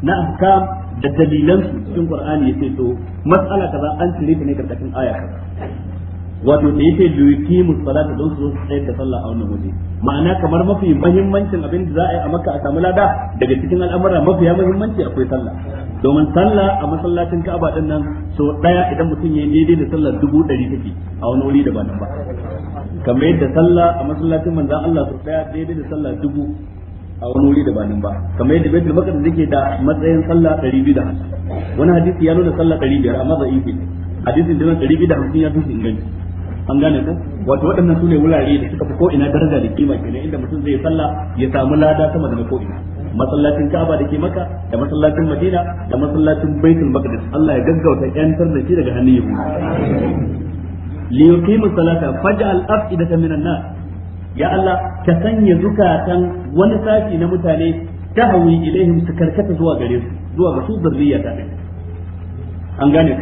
S1: na ahkam da dalilan cikin Qur'ani yake to mas'ala kaza an cire ta ne karkashin aya kaza wato da yake da yuqimu salata don su tsayar da sallah a wannan waje ma'ana kamar mafi muhimmancin abin da za a yi a maka a samu lada daga cikin al'amura mafi muhimmanci akwai sallah domin sallah a masallacin Ka'aba din nan so daya idan mutum ya daidai da sallah dubu ɗari take a wani wuri daban ba kamar yadda sallah a masallacin manzon Allah so daya daidai da sallah dubu a wani wuri daban ba kamar yadda baitul maqdis yake da matsayin sallah 250 wani hadisi ya nuna sallah 500 amma da'ifi hadisin da 250 ya fi inganci an gane ko wato waɗannan sune wurare da suka fi ko ina daraja da kima kenan inda mutum zai sallah ya samu lada sama da ko ina masallacin Ka'aba da ke Makka da masallacin Madina da masallacin Baitul Maqdis Allah ya gaggauta yantar da shi daga hannun yahu li yuqimu salata faj'al af'idatan minan nas ya Allah ka sanya zukatan wani sashi na mutane hawi ilaihim su karkata zuwa gare su zuwa ga su zurriya ta an gane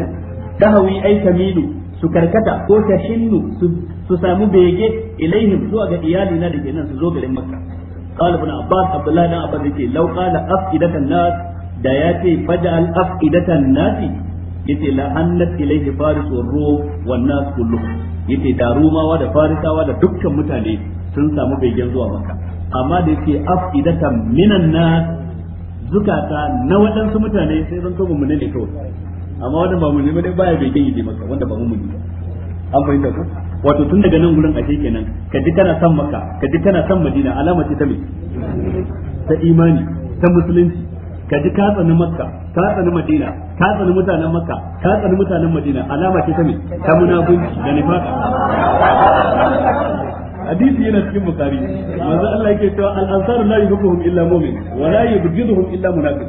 S1: ka hawi ai kamilu su karkata ko ta shinnu su samu bege ilaihim zuwa ga iyali na da ke nan su zo garin makka qala ibn abbas abdullahi dan abbas yake law qala afidatan nas da yace faj'al afidatan nas yace la annat ilaihi faris wa ruh wa nas kulluhum yace da rumawa da farisawa da dukkan mutane sun samu begen zuwa makka amma da yake afidatan minan nas zukata na waɗansu mutane sai zan to mu ne kawai amma wanda ba mun ne baya bai kin yi maka wanda ba mun ne an fahimta ko wato tun daga nan gurin ashe kenan ka ji kana san maka ka ji kana san madina alama ce ta me ta imani ta musulunci ka ji ka tsani makka ka tsani madina ka tsani mutanen makka ka tsani mutanen madina alama ce ta me ta munafunci da nifaka hadisi yana cikin bukhari manzo Allah yake cewa al ansar la yuhibbuhum illa mu'min wa la yubghiduhum illa munafiq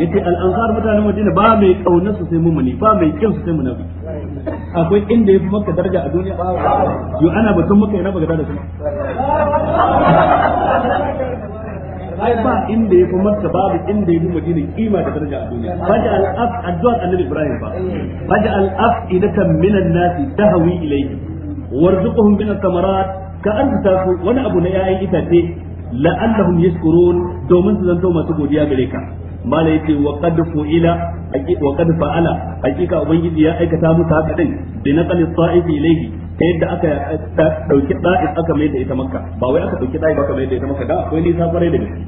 S1: yace al ansar mutanen Madina ba mai kaunar su sai mu'mini ba mai kin su sai munafiq akwai inda yafi maka daraja a duniya yo ana batun maka yana bagada da su
S3: ai ba inda
S1: ya fi babu inda ya madina kima da daraja a duniya ba da al'af addu'ar annabi ibrahim ba ba da al'af idatan minan nasi tahwi ilayhi warzuqhum min ath-thamarat ka arzuta su wani abu na 'ya'yan itace la'allahum yashkurun domin su zanto masu godiya gare ka mala yace wa qad fu'ila wa qad fa'ala hakika ubangiji ya aikata musu haka din bi naqli sa'ib ilayhi ta yadda aka dauki da'if aka mai da ita makka ba wai aka dauki da'if aka mai da ita makka da akwai nisa farai da gaske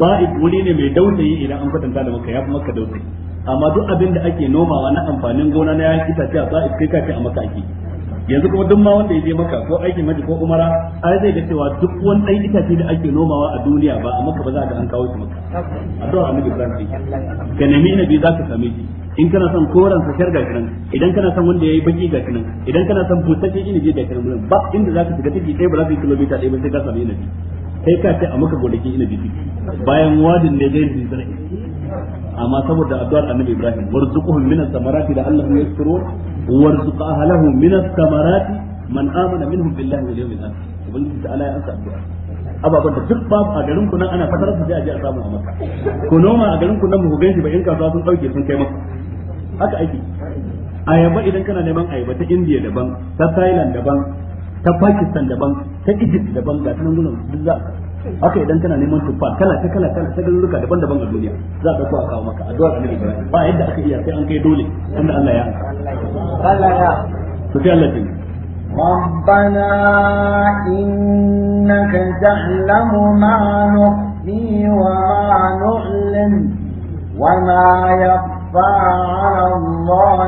S1: sa'ib wuri ne mai dausayi idan an kwatanta da makka ya fi makka dausayi amma duk abin da ake nomawa na amfanin gona na yayin itace a sa'ib kai kace a makka ake yanzu kuma duk ma wanda ya je maka ko aikin maji ko umara ai zai ga cewa duk wani ɗan itace da ake nomawa a duniya ba a maka ba za ka an kawo shi maka addu'a annabi ibrahim ce ka nemi nabi za ka same shi in kana son koran sa shar gashi nan idan kana son wanda yayi baki gashi nan idan kana son busasshe inabi gashi nan ba inda za ka shiga take ɗaya ba za ka yi kilomita ɗaya ba sai ka same inabi kai ka ce a maka gonakin inabi bayan wadin ne gairi zai amma saboda addu'ar annabi Ibrahim warzuquhum min as-samarati da Allah ya yashkuru warzuq ahlahu min as-samarati man amana minhum billahi wal yawmil akhir ubangiji ta Allah ya ansa addu'a ababan da duk babu a garin ku nan ana fatar su sai a je a samu a maka ku noma a garin ku nan mu ganshi ba in kasuwa sun dauke sun kai maka haka ake ayaba idan kana neman ayaba ta India daban ta Thailand daban ta Pakistan daban ta Egypt daban ga tunan gunan duk za ka haka idan kana neman tuffa kala ta kala kala ta garuruka daban-daban a duniya za ka kuwa kawo maka addu'a annabi Ibrahim ba yadda aka iya sai an kai dole inda Allah ya Allah ya to sai Allah ya
S2: ربنا إنك تعلم ما نخفي وما نعلن وما يخفى على الله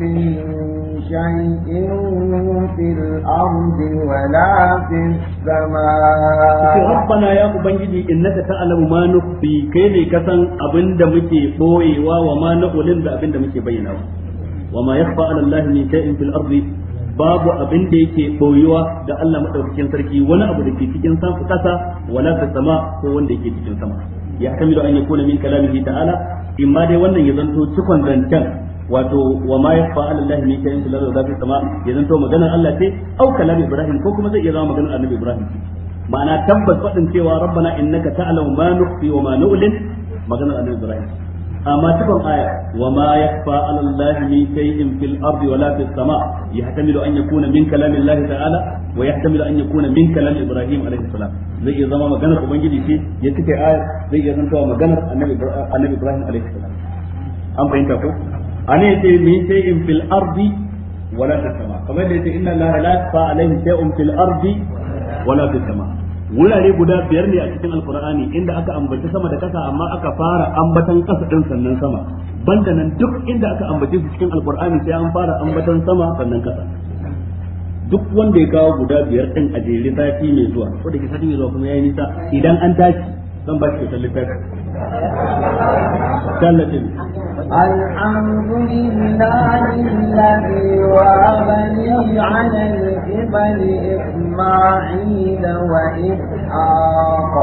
S2: من شيء في الأرض ولا في السماء ربنا
S1: يا أبنجي إنك تعلم ما نخفي كيف كسن أبن دمتي بوي وما نقلن بأبن دمتي بينه وما يخفى على الله من شيء في الأرض babu abin da yake boyuwa da Allah madaukakin sarki wani abu da ke cikin sama kasa wala ta sama ko wanda yake cikin sama ya kamilu an yakuna min kalamihi ta'ala imma dai wannan ya zanto cikon zancen wato wa ma yafa ala Allah min kayin sallallahu alaihi sama ya zanto maganar Allah ce au kalam Ibrahim ko kuma zai iya zama maganar Annabi Ibrahim ma'ana tabbas fadin cewa rabbana innaka ta'lamu ma nukhfi wa ma nu'lin maganar Annabi Ibrahim amma cikin aya wa ma yafa ala Allah min kayin fil ardi wa la fis sama yahtamilu an yakuna min kalam Allah ta'ala wa yahtamilu an yakuna min kalam Ibrahim alaihi salam zai iya zama maganar ubangiji ce ya cike aya zai iya zanto maganar Annabi Ibrahim alaihi salam an fahimta ko an yace min in fil ardi wala ta sama kamar da yace inna allaha la yaqfa alayhi in fil ardi wala ta sama wurare guda biyar ne a cikin alqur'ani inda aka ambaci sama da kasa amma aka fara ambatan kasa din sannan sama banda nan duk inda aka ambace su cikin alqur'ani sai an fara ambatan sama sannan kasa duk wanda ya kawo guda biyar din a jere zafi mai zuwa ko da ke sani mai zuwa kuma yayi nisa idan an tashi zan ba shi tallafi. littafi
S2: الحمد لله الذي وهبني على الجبل إسماعيل وإسحاق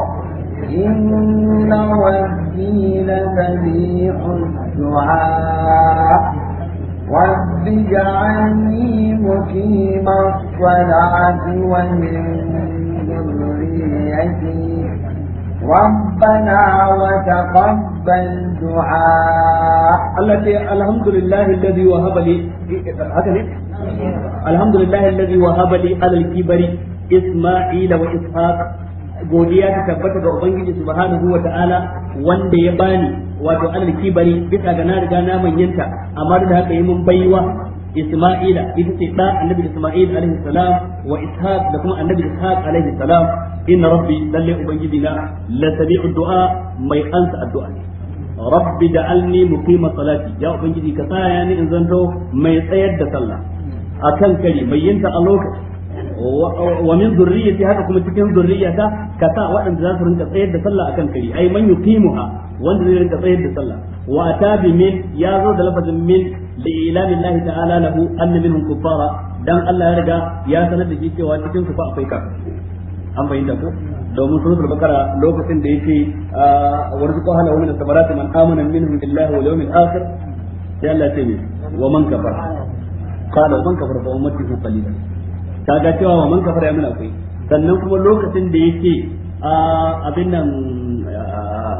S2: إن ربي لسميع الدعاء رب اجعلني مقيم الصلاة ومن ذريتي ربنا وتقبل دعاء
S1: التي الحمد لله الذي وهب لي الحمد لله الذي وهب لي على الكبر إسماعيل وإسحاق godiya ta tabbata ga ubangiji subhanahu wa ta'ala wanda ya bani wato alal kibari bisa ga na riga na manyanta amma da haka yi mun baiwa Isma'ila ita ce da annabi Isma'il alaihi salam wa Ishaq da kuma annabi Ishaq alaihi salam inna rabbi lalle ubangiji na salati ya ubangiji ka tsaya ni in zanto mai tsayar da sallah akan kari mai yinta a lokaci wa min zurriyyati haka kuma cikin zurriyyata ka sa waɗanda za su rinka tsayar da sallah akan kari ai man yuqimuha wanda zai rinka tsayar da sallah wa atabi min ya zo da lafazin min li ilamillahi ta'ala lahu anna minhum dan Allah ya riga ya sanar da shi cikin akwai an bayyana ko domin sunan bakara lokacin da yake ah, wani hala wa min da samarati man amana minhum billahi wal yawmil akhir sai Allah ce wa man kafara qala man kafara fa ummatuhu qalilan kaga cewa wa man kafar ya mun akwai sannan kuma lokacin da yake ah, abin nan ah,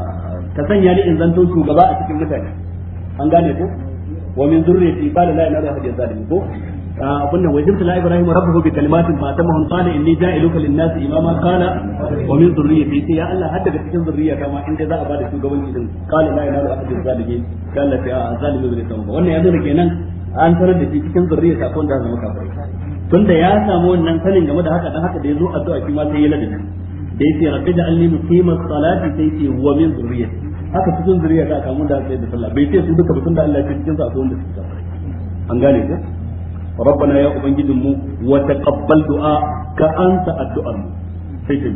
S1: ka sanya ni in zanto shugaba a cikin mutane an gane ko wa min zurriyati qala la ilaha illa anta ko abin nan wajibta la ibrahim rabbuhu bi kalimatin fa tamahun qala inni ja'iluka a nas imama qala wa min dhurriyyati ya allah hadda daga cikin zurriya ta ma inda za a bada shugabanci din qala la ilaha illa anta zalimin qala fa zalimu bi tawba wannan ya nuna kenan an tarar da shi cikin da ya samu wannan sanin game da haka dan haka da yazo addu'a shi ma sai ya ladabi da yake rabbi da alni muqima salati sai ce wa min zurriyyati haka cikin zurriya ta kamun da sai da sallah bai ce su duka ba tunda allah ya ce cikin su akwai wanda suke an gane ka rabbana ya ubangijin mu wa taqabbal du'a ka anta addu'ar mu sai ta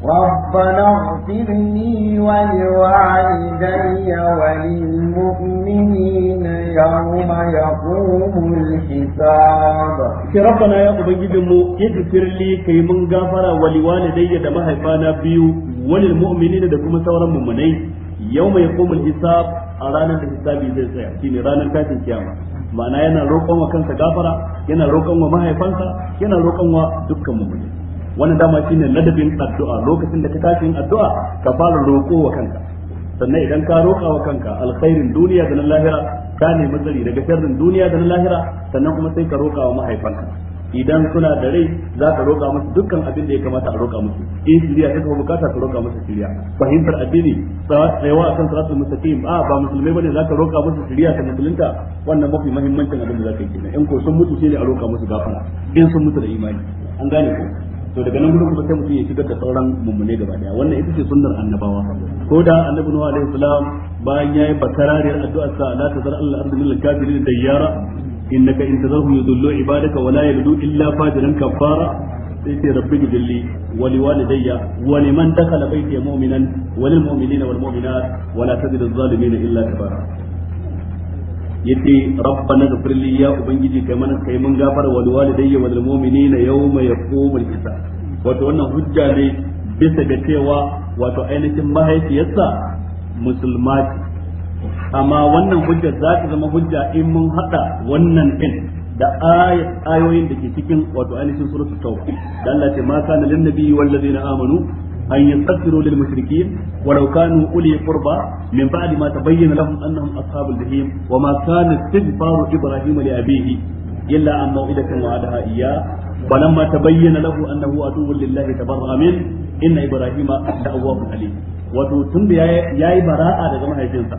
S2: ربنا اغفر لي ولوالدي
S1: وللمؤمنين يوم يقوم الحساب ربنا يا أبيد مو اغفر لي كي من غفر ولوالدي دما هيفانا بيو وللمؤمنين دكما سورا ممنين يوم يقوم الحساب a ranar da hisabi zai tsaya shine ranar tashin kiyama ma'ana yana roƙon wa kansa gafara yana roƙon wa mahaifansa yana roƙon wa dukkan mummuni wannan dama shine ladabin addu'a lokacin da ka tashi yin addu'a ka fara roƙo wa kanka sannan idan ka roƙa wa kanka alkhairin duniya da na lahira ka nemi tsari daga sharrin duniya da na lahira sannan kuma sai ka roƙa wa mahaifanka idan suna da rai za ka roƙa musu dukkan abin da ya kamata a roƙa musu in shirya ta kuma bukata ka roƙa musu shirya fahimtar addini tsayawa akan siratul mustaqim a ba musulmai bane za ka roƙa musu shirya ta musulunta wannan mafi muhimmancin abin da za ka yi kenan in ko sun mutu ne a roƙa musu gafara in sun mutu da imani an gane ko to daga nan gudun kuma sai mutum ya shigar da sauran mummune gaba daya wannan ita ce sunnar annabawa ko da annabi nuhu alaihi salam bayan yayi bakarariyar addu'ar sa la tazar al ardi lil kafirin dayyara innaka in tazahum yudullu ibadaka wa la yalidu illa fajiran kaffara sai sai rabbi gidilli wa liwalidayya wa liman dakhala baiti mu'minan wa lil mu'minina wal mu'minat wa la tazidu adh-dhalimina illa tabara Yadda rabbana ghfir li ya ubangiji kai mana kai mun gafara wa liwalidayya wa lil mu'minina yawma yaqumul hisab wato wannan hujja ne bisa ga cewa wato ainihin mahaifiyarsa musulma amma wannan hujjar za ta zama hujja in mun hada wannan din da ayoyin da ke cikin wato ainihin suratul tauba da Allah ce ma kana lin nabiyyi wal ladina amanu an yastaghfiru lil mushrikeen walau kanu uli qurba min ba'di ma tabayyana lahum annahum ashabul jahim wa ma kana istighfaru ibrahim li abihi illa an maw'idatan wa'adaha iyya فلما تبين له انه عدو لله تبرأ منه ان ابراهيم لأواه عليم wato tun da yayi bara'a daga mahaifinsa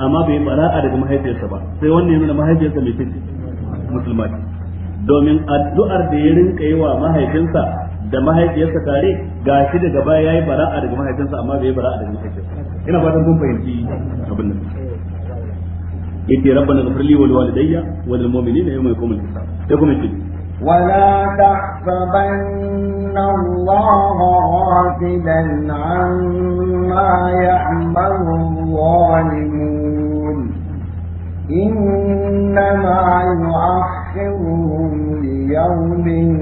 S1: amma bai yi bara'a daga mahaifiyarsa ba sai wannan yana mahaifiyarsa mai fice musulma domin addu'ar da ya rinka yi wa mahaifinsa da mahaifiyarsa tare ga shi daga baya ya yi bara'a daga mahaifinsa amma bai yi bara'a daga mahaifiyarsa ina fatan kun fahimci abin nan yake rabbana ghfir zafirli wa walidayya wa lil mu'minina yawma yaqumul hisab sai kuma yace
S2: ولا تحسبن الله غافلا عما يعمل الظالمون إنما يؤخرهم ليوم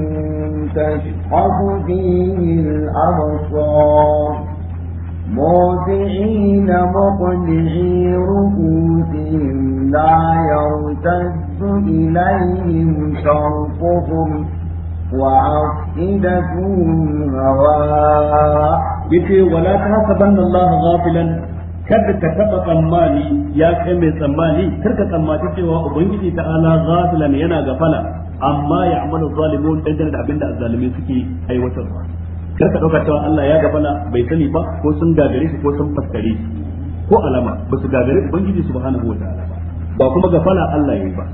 S2: تشقق فيه الأبصار موضعين مقنعي رؤوسهم لا يرتد إليهم شرطهم وعقدتهم هواء
S1: يتي ولا تحسبن الله غافلا kada ka taba tsammani ya kai mai tsammani kar ka tsammaci cewa ubangiji ta'ala ghafilan yana gafala amma ya amalu zalimun dangane da abinda azzalimi suke aiwatarwa kar ka dauka cewa Allah ya gafala bai sani ba ko sun gagare shi ko sun faskare shi ko alama ba su gagare ubangiji subhanahu wataala ba ba kuma gafala Allah yayi ba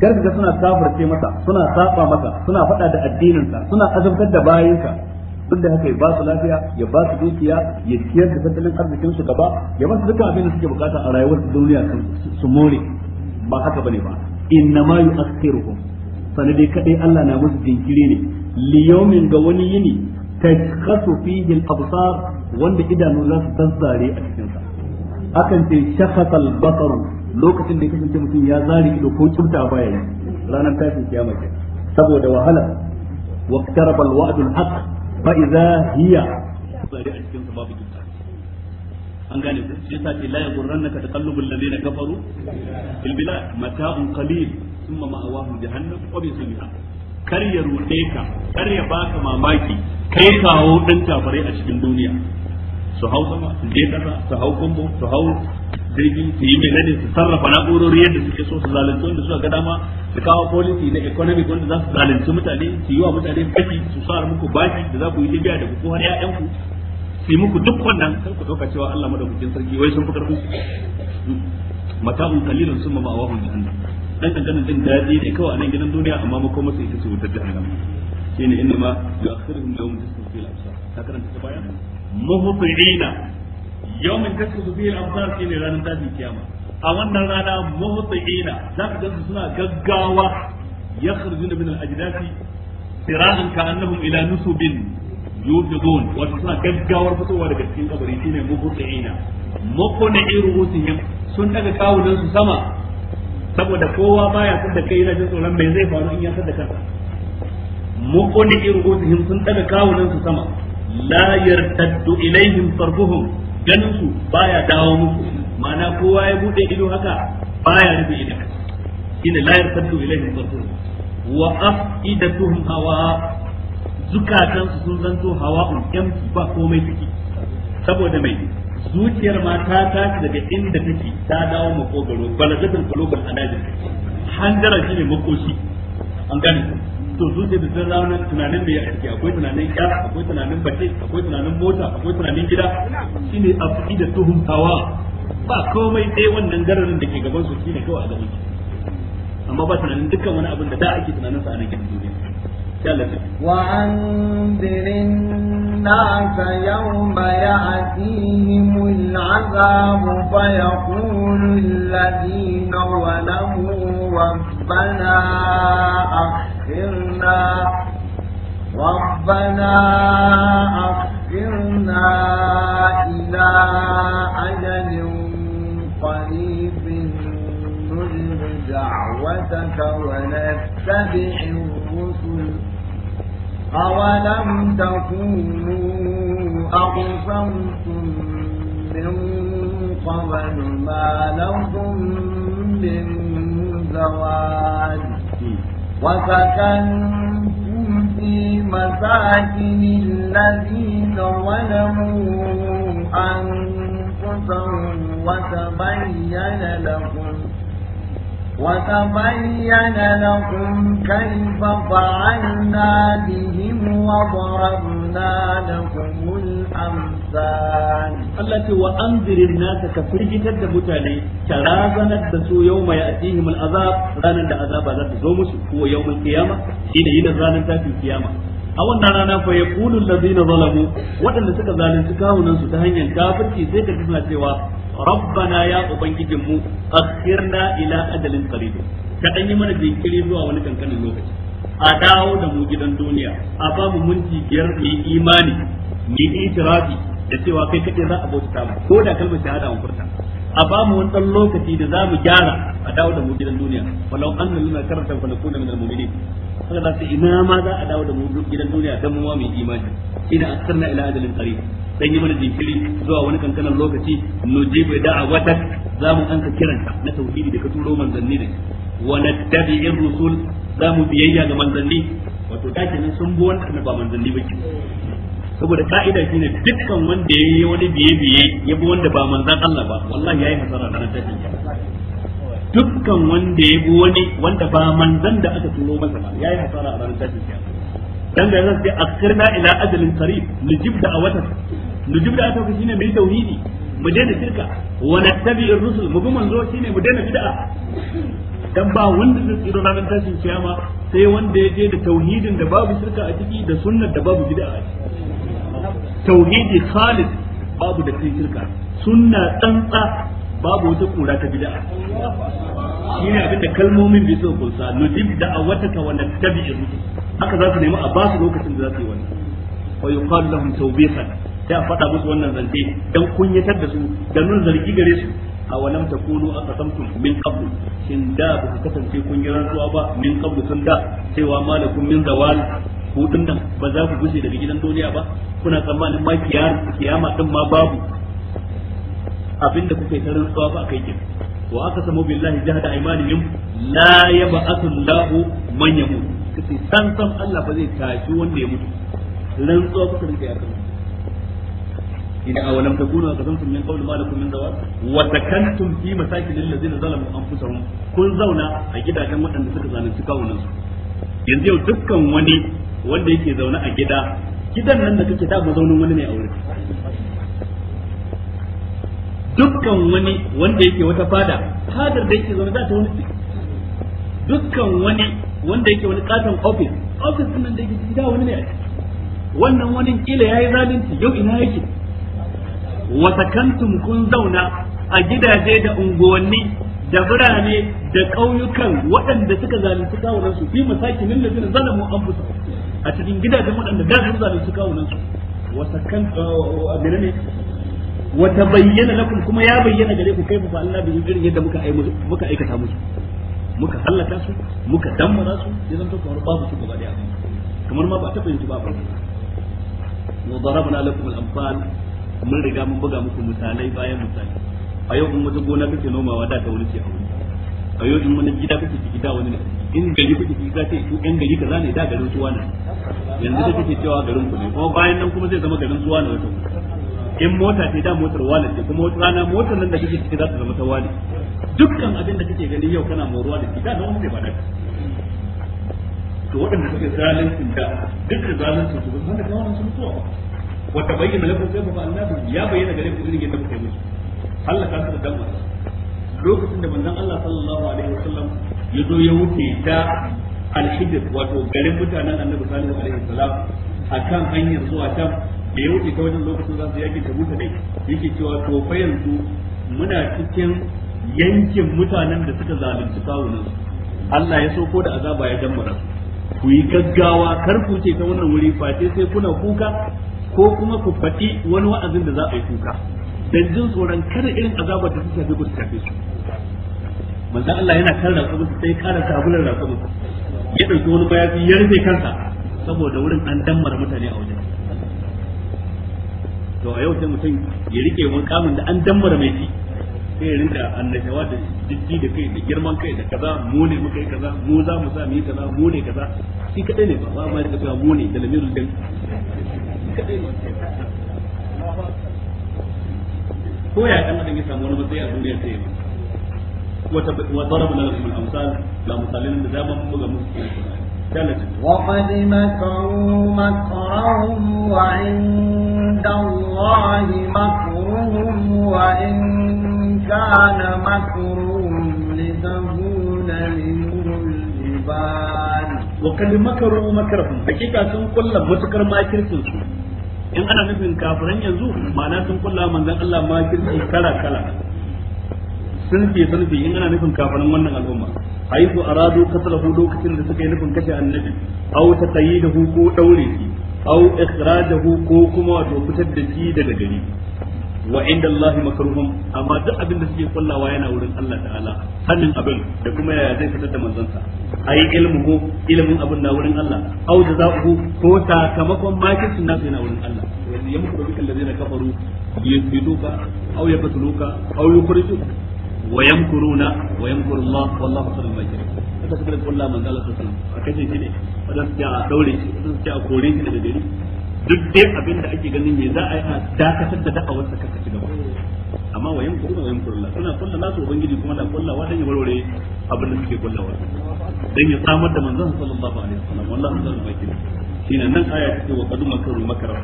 S1: kar ka suna tafarce masa suna saba masa suna fada da addinin sa suna azabtar da bayinsa duk da haka ya ba su lafiya ya ba su dukiya ya ciyar da tattalin arzikin su gaba ya ba su duka abin da suke bukata a rayuwar duniya su more ba haka bane ba inna ma yu'akhiruhum sanade kadai Allah na musu jinkiri ne li yawmin ga wani yini takhasu fihi al-absar wanda idanu za su tsatsare a cikin sa akan ce al-basar lokacin da ya kasance mutum ya zari ido ko kimta baya ranar tashin kiyama ke saboda wahala waqtaraba al-wa'd al-haqq fa hiya bari a cikin babu jinta an gane shi ce la kafaru kar ya ruɗe ka kar ya baka mamaki kai kawo ɗan kafare a cikin duniya su hau sama su je kasa su hau su hau jirgi su yi mai menene su sarrafa na'urori yadda suke so su zalunci wanda suka ga dama su kawo policy na economic wanda za su zalunci mutane su yi wa mutane faki su sa muku bashi da za ku yi biya da ku kuma har ƴaƴan su yi muku duk wannan kar ku dauka cewa Allah madaukakin sarki wai sun fi karfin su mata'un qalilun summa ma'awahum jahannam dan kankanin jin daɗi ne kawai a nan gidan duniya amma makoma sai ita ce wutar jahannam shine inda ma yu'akhiruhum yawm tasfil absar ta karanta ta baya muhtiina yawmin tasku fihi al-absar shine ranar tashin kiyama a wannan rana muhtiina za ka gansu suna gaggawa ya yakhrujuna min al-ajdasi ka ka'annahum ila nusubin yufidun wato suna gaggawar fitowa daga cikin kabari shine muhtiina muqni'i ru'usihim sun daga kawunan su sama saboda kowa baya san da kai yana jin tsoron mai zai faru in ya san da kansa muqni'i ru'usihim sun daga kawunan su sama la yartaddu ilaihim sarfuhum ganin su baya dawo musu ma'ana kowa ya bude ido haka baya rufe ido ina la yartaddu ilaihim basir wa afidatuhum hawa zukatan su sun zanto hawa'un yamsu ba komai take saboda mai zuciyar ma ta tashi daga inda take ta dawo makogaro balagatul qulubul anajis hanjara shine makoshi an gane to ce da ranar tunanin da ya aiki akwai tunanin ya akwai tunanin bace akwai tunanin mota akwai tunanin gida shine afi da tuhum hawa ba komai dai wannan gararin da ke gaban su shine kawai a gaban shi amma ba tunanin dukkan wani abin da da ake tunanin sa a nan duniya
S2: وأنذر الناس يوم يأتيهم العذاب فيقول الذين ظلموا ربنا أخ أخرنا ربنا أخرنا إلى أجل قريب نجب دعوتك ونتبع الرسل أولم تكونوا أقسمتم من قبل ما لكم من زوال وسكنتم في مساكن الذين ظلموا أنفسهم وتبين لكم وتبين لكم كيف فعلنا بهم وضربنا لكم
S1: الأمثال الإحسان التي وأنذر الناس كفرجت الدمتاني ترازنت دسو يوم يأتيهم العذاب رانا دا عذاب ذات زومس هو يوم القيامة إن إن رانا ذات القيامة a wannan rana fa yaqulu allazina zalamu waɗanda suka zalunci kawunan su ta hanyar kafirci sai ka tuna cewa rabbana ya ubangijin mu akhirna ila ajalin qarib ka yi mana jinkiri zuwa wani kankanin lokaci a dawo da mu gidan duniya a babu mu minti biyar mu imani mu itirafi da cewa kai kake za a bauta mu ko da kalmar shahada mun furta a ba mu wani dan lokaci da za mu gyara a dawo da mu gidan duniya walau annal lana karatan fanakuna min almu'minin haka za su ina ma za a dawo da mu gidan duniya dan mu ma mu imani ina akarna ila ajalin qarib dan yi mana jinkiri zuwa wani kankanan lokaci je nujibu da'awata za mu anka kiranta na tauhidi da ka turo manzanni da wa nattabi'ir rusul za mu biyayya ga manzanni wato da sun bi wanda ba manzanni ba saboda ka'ida shine dukkan wanda ya yi wani biye biye ya bi wanda ba manzan Allah ba wallahi yi hasara da ranar tashin dukkan wanda ya bi wani wanda ba manzan da aka turo masa ba yi hasara ranar tashin dan da zai akhirna ila ajalin qarib nujib da awata nujib da awata shine mai tauhidi mu daina shirka wa nattabi'ir rusul mu bi manzo shine mu daina bid'a dan ba wanda zai tsira ranar tashin kiyama sai wanda ya je da tauhidin da babu shirka a ciki da sunnar da babu bid'a a ciki tauhidi khalid babu da cikin shirka sunna tsantsa babu wata kura ta bid'a shine abin da kalmomin bai so kunsa nujib da'awataka wa nattabi'u haka za su nemi a ba su lokacin da za su yi wannan wa yuqalu lahum tawbiqan sai a faɗa musu wannan zance dan kunyatar da su da nuna zargi gare su a walam takunu aqsamtum min qabl shin da ba ku kasance kun yi rantsuwa ba min qabl sun da cewa malakum min zawal ku din nan ba za ku gushe daga gidan duniya ba kuna tsammanin ma kiyama din ma babu abinda kuka yi tarin tsawa ba kai kin wa aka samu billahi jahada aymanihim la yab'athu Allahu man yamut kace san san Allah ba zai tashi wanda ya mutu rantsuwa kuka rinka ya kan إن أولم تكونوا أقسمتم من قبل ما لكم من wa takantum fi masakin الذين zalamu أنفسهم kun zauna a gidajen وأن suka zalunci kawunansu yanzu yau dukkan wani wanda yake zaune a gida gidan nan da kake da mazaunin wani ne a wurin dukkan wani wanda yake wata fada fadar da yake zaune za ta wani dukkan wani wanda yake wani katon ofis ofis nan da yake gida wani ne a wannan wani kila yayi zalunci yau ina yake wa sakantum kun zauna a gidaje da unguwanni da birane da ƙauyukan waɗanda suka zalunci kawunan su fi masakinin da zalamu an fusa a cikin gidajen waɗanda da sun zalunci kawunan su wata kan uh, uh, ne wata bayyana na kuma ya bayyana gare ku kai fa Allah bi irin yadda muka ai muka aikata musu muka hallaka su muka dammara su ya zanto kamar babu su gaba daya kamar ma ba ta fahimci ba ba wa darabna lakum al-amsal mun riga mun buga muku misalai bayan misalai a yau in wata gona kake nomawa da ta wani ce a wani a yau in wani gida kake gida wani ne in gari kuke ki za ta yi ku yan gari kaza ne da garin suwa ne yanzu da kake cewa garin ku ne ko bayan nan kuma zai zama garin suwa ne wato in mota ce da motar wani ce kuma wata rana motar nan da kake ciki za ta zama ta wale. dukkan abin da kake gani yau kana moruwa da shi da ba zai faɗa to waɗanda suke zalincin da dukkan zalincin su wanda kuma wannan sun tuwa wa tabayyana lakum kayfa fa'alnahu ya bayyana gare ku irin yadda kuke musu Allah ka sa da dama lokacin da manzon Allah sallallahu alaihi wasallam ya zo ya wuce ta alhijir wato garin mutanen annabi salihu alaihi salam akan hanyar zuwa can da ya wuce ta wajen lokacin za su yaki tabuta dai yake cewa to fa yanzu muna cikin yankin mutanen da suka zalunci kawunan Allah ya soko da azaba ya dammara ku yi gaggawa kar ku ce ta wannan wuri face sai kuna kuka ko kuma ku faɗi wani wa'azin da za a yi kuka dan jin tsoron kada irin azabar da ta shafe ku ta su manzon Allah yana kan rakabinsa sai karanta abulan rakabinsa ya dauki wani mayafi ya rufe kansa saboda wurin an dammar mutane a wajen to a yau sai mutum ya rike kamun da an dammar mai shi sai ya rinka annashawa da jiddi da kai da girman kai da kaza mu ne muka yi kaza mu za mu sa mu yi kaza mu ne kaza shi kadai ne ba ba ma rika cewa mu ne da lamirul dan kadai ne ko ya dan adam ya samu wani matsayi a duniya sai ya وضرب لكم الأمثال لا مثالين دائما بغى وقد
S2: مكروا مكرهم وعند الله مكرهم وإن كان
S1: مكرهم لتهون منه الجبال وقد مكروا مكرهم حقيقة sun kulla matukar makircin su in ana nufin kafiran yanzu ma'ana sun kulla manzon Allah makirci kala kala sunfi sunfi in ana nufin kafanin wannan al'umma haitu aradu kasalahu lokacin da suka yi nufin kashe annabi aw taqayidahu ko daure shi aw ikhrajahu ko kuma wato fitar da shi daga gari wa inda Allah makaruhum amma duk abin da suke kullawa yana wurin Allah ta'ala hannun abin da kuma yaya zai fitar da sa. ai ilmuhu ilmin abin na wurin Allah au jazaohu ko sakamakon makin sunna yana wurin Allah yanzu yamku bikal ladina kafaru yusbiduka aw yaqtuluka aw yukhrijuka wa yamkuruna wa yamkuru Allah wallahu khairul makirin haka suka rinka kulla manzo Allah a kace shi ne wadansu a daure shi wadansu a kore shi daga duk dai abin da ake ganin me za a yi a dakatar da da'awar sa kaka ci gaba amma wa yankuru wa yankuru Allah suna kulla nasu ubangiji kuma na kullawa dan ya warware abin da suke kullawa dan ya samar da manzon sallallahu alaihi wasallam wallahu khairul makirin shine nan aya take wa qad makaru makara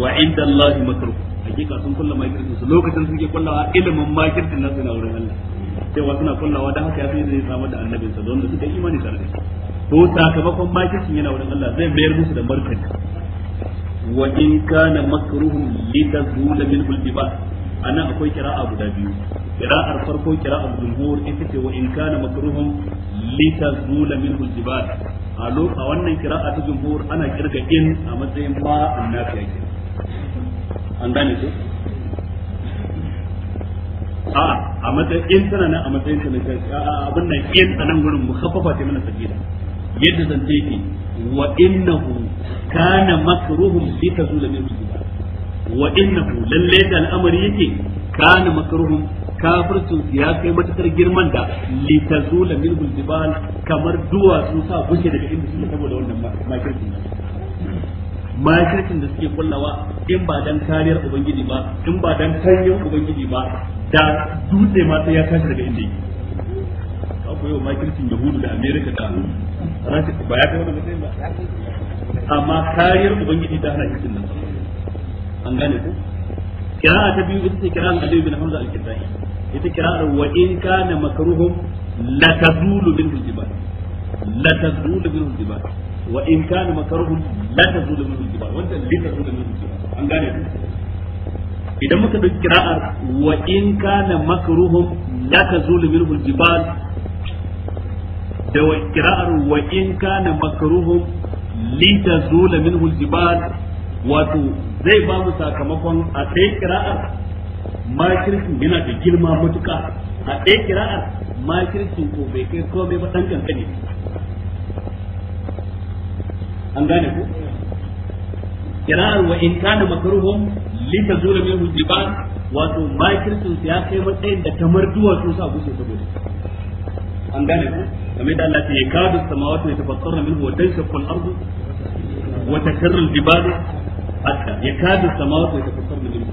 S1: wa inda Allah makaru hakika sun kulla makircin su lokacin suke kullawa ilimin makircin nasu na wurin Allah cewa suna kullawa don haka ya sai zai samar da annabinsa don da suka imani tare da ko sakamakon makircin yana wurin Allah zai bayar musu da markati wa in kana makruhum litazula min al-jibal anan akwai kira'a guda biyu kira'ar farko kira'ar jumhur ita ce wa in kana makruhum litazula min al-jibal a lokacin wannan kira'a ta jumhur ana kirga in a matsayin ma annafi yake an gane ko a'a a matsayin in tana nan a matsayin ta na abin nan in tsanan gurin mukhaffafa ce mana sabila yadda zan ce ki wa innahu kana makruhum fi tazula min musiba wa innahu lalle da al'amari yake kana makruhum kafircin ya kai matakar girman da li tazula min jibal kamar duwatsu sa bushe daga inda suke saboda wannan makircin makircin da suke kullawa in ba dan kariyar ubangiji ba in ba dan kariyar ubangiji ba da dutse ma sai ya tashi daga inda yake akwai yau makircin yahudu da america da rashin ba ya kai wani ba amma kariyar ubangiji ta hana cikin nan an gane ko kira'a ta biyu ita ce kira'an Ali bin Hamza al-Kirdai ita kira'ar wa in kana makruhum la tazulu min al-jibal la tazulu min al-jibal wa in kana makaruhun la tazulu minhu al-jibal wanda la tazulu minhu jibal an gane ku idan muka dauki kira'ar wa in kana makruhum la tazulu minhu jibal da wa qira'ar wa in kana makruhum li tazula minhu jibal wato zai ba mu sakamakon a ɗaya kira'ar, makirkin yana da girma matuka a ɗaya kira'ar, makirkin ko bai kai komai ba dan kankane an gane ko kira'ar wa in kana makruhum li tazula minhu jibal wato makircin su ya kai matsayin da kamar su sa gushe saboda an gane ko kamar da Allah ya kadu samawati ya tafakkara minhu wa tanshaqqu al-ardu wa takarru al-jibal hatta ya kadu samawati ya tafakkara minhu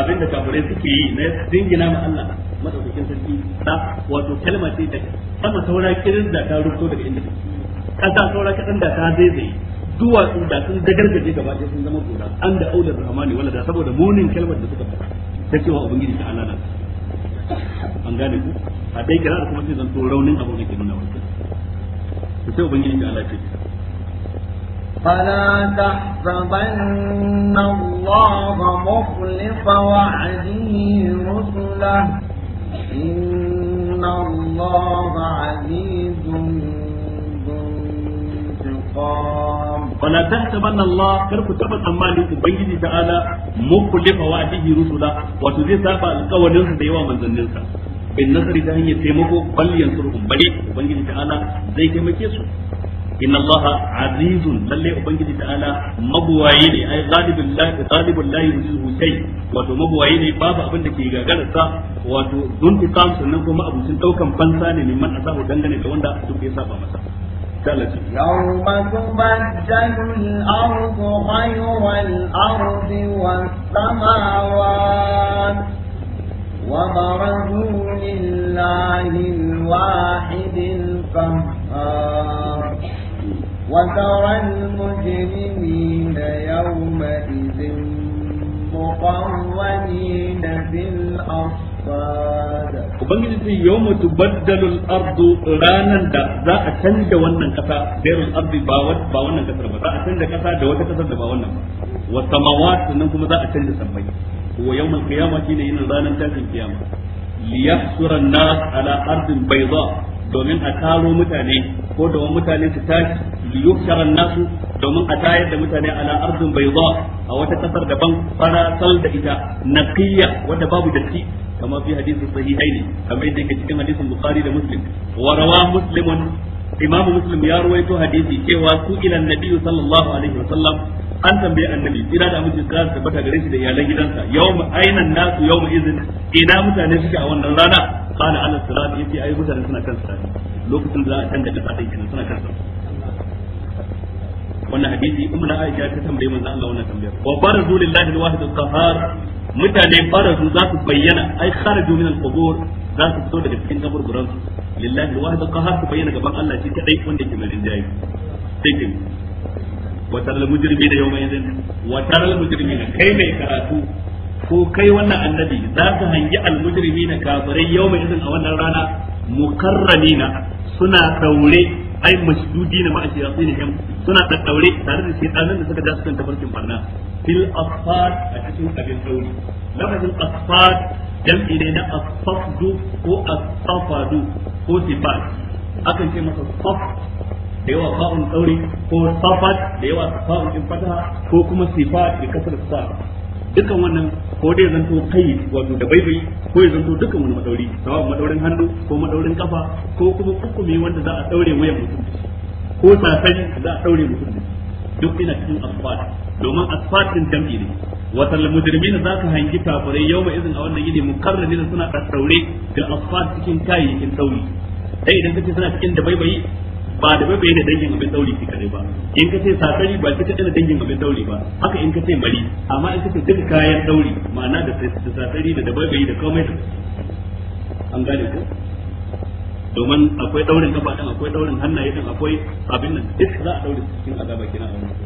S1: abinda kafirai suke yi na dingina ma Allah madaukakin sarki da wato kalma ce da sama saura kirin da ta rufo daga inda kasa saura kadan da ta zaizaye duwatsu da sun dagargaje gaba ɗaya sun zama kura an da aular rahmani wala da saboda munin kalmar da suka faɗa ta cewa ubangiji ta alala an gane ku a dai kira kuma sai zanto raunin abu da ke nuna wannan to sai ubangiji ta Allah ce
S2: فلا تحسبن الله مخلف وعده رسله إن الله عزيز
S1: wala tahtabanna Allah kar ku taba tsammani ubangiji ta'ala mukhlifa wa'dihi rusula wato zai saba alƙawarin da yawa manzannin sa bin nasari ta hanyar taimako bal yansuruhum bali ubangiji ta'ala zai taimake su inna allaha azizun lalle ubangiji ta'ala mabuwaye ne ai zalibul lahi zalibul lahi yuzihu shay wato mabuwaye ne babu abin da ke gagarar sa wato dun tikam sannan kuma abucin daukan fansa ne mimman asahu dangane da wanda duk ya saba masa يوم
S2: تبدل الأرض غير الأرض والسماوات وبرزوا لله الواحد القهار وترى المجرمين يومئذ
S1: مقرنين في الأرض ubangiji ce yau tubaddalu al ardu ranan da za a canja wannan kasa zairul ardi ba ba wannan kasar ba za a canja kasa da wata kasar da ba wannan ba. wa samawat nan kuma za a canja sammai wa yawmul qiyamah shine yin ranan tashin kiyama liyahsura an-nas ala ardin bayda domin a taro mutane ko domin mutane su tashi liyuhsara an-nasu domin a tayar da mutane ala ardin bayda a wata kasar daban fara sal da ita naqiya wanda babu datti كما في حديث الصحيحين كما يدك cikin hadisin Bukhari da Muslim وروى مسلم إمام مسلم يا رويته حديثي cewa ku النبي صلى الله عليه وسلم an tambaye annabi ina da amince ka tabbata gare shi da iyalan gidansa yawma ainan nasu yawma izin ina mutane suke a wannan rana kana ala sirat yace ai mutane suna kan sirat lokacin da za a canza kasa din suna kan sirat wannan hadisi umma na aisha ta tambaye manzo Allah wannan tambayar wa barazu lillahi alwahid alqahar mutane fara su za su bayyana ai kharaju min al-qubur za su fito daga cikin kaburburan su lillahi wahda qahar su bayyana gaban Allah shi kadai wanda ke mai rinjaye sai kin wa taral mujrimin yawma idin wa taral mujrimin kai mai karatu ko kai wannan annabi za ka hangi al-mujrimin kafirai yawma idin a wannan rana mukarramina suna daure ai mashdudina ma ne suna daddaure tare da shaytanan da suka ja su kan tafarkin barna fil asfar a cikin abin dauri lafazin asfar jam'i ne na asfadu ko asfadu ko sifat akan ce masa saf da yawa fa'un dauri ko safat da yawa fa'un in fataha ko kuma sifat da kasar sa dukkan wannan ko dai zanto kai wato da baibai ko ya zanto dukkan wani madauri sawa madaurin hannu ko madaurin kafa ko kuma kukumi wanda za a daure waya mutum ko sasari za a daure mutum duk ina cikin asfat domin asfatin jam'i ne watal mujrimina za ka hangi kafirai yau mai izin a wannan yini mukarrabina suna da ɗaɗɗaure da asfat cikin kayayyakin sauri dai idan kace suna cikin da baibai ba da bai bayyana dangin abin daure shi kare ba in ka ce sakari ba shi kadai da dangin abin daure ba haka in ka ce mari amma in ka ce duka kayan daure ma'ana da sakari da da bai da komai an gane ko domin akwai daurin kafa din akwai daurin hannaye din akwai abin nan duk za a daure cikin azaba kina a wannan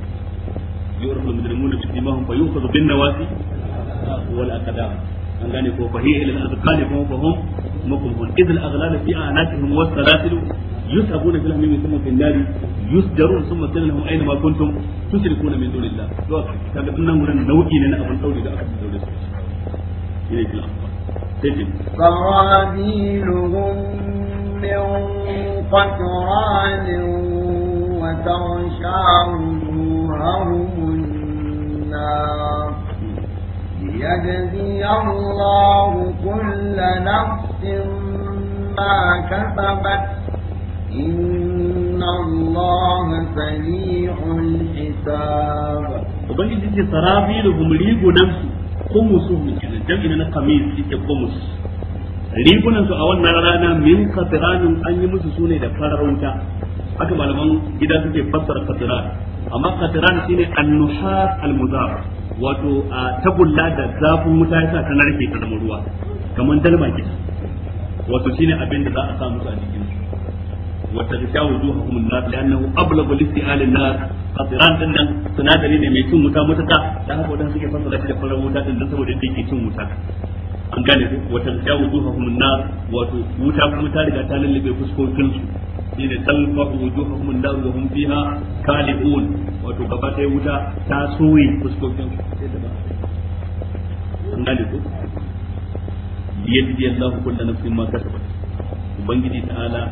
S1: yurhul mujrimuna ma dimahum fa yukhadhu bin nawasi wal aqdam an gane ko fa hiya ila azqani kuma fa hum mukulun idh aghlal fi anatihim was salatil yusabuna fil hamim thumma fil nar yusjarun thumma salahum aina ma kuntum tusrikuna min dunillah to kaga nan gurin nau'i ne na abin daure da aka daure shi ne kila
S2: سرابيلهم من قطران وتغشى وجوههم النار ليجزي الله كل نفس ما كسبت إن الله
S1: سريع الحساب وبنجد سرابيلهم ليقوا نفسه قمصهم كذا جمعنا قميص قمص rigunan su a wannan rana min katiranin an yi musu sune da farar wuta haka malaman gida suke fassara katiran amma qatran shine an-nuhas al-mudar wato tagulla da zafin wuta yasa ta narke ta zama ruwa kamar dalma kike wato shine abin da za a sa musu a jikin وتغشى وجوههم النار لانه ابلغ لاستئال na قطران din nan sunadari ne mai cin wuta mutaka da haka wadanda suke fassara da farar wuta din dan saboda yake cin wuta an gane ku wata ja wujuhahum nar wato wuta kuma ta riga ta lallabe fuskokin su shine talfahu wujuhum an-nar wa hum fiha kalibun wato gaba ɗaya wuta ta soye fuskokin sai da ba an gane ko yadda Allah kullu nafsin ma kasabat ubangiji ta'ala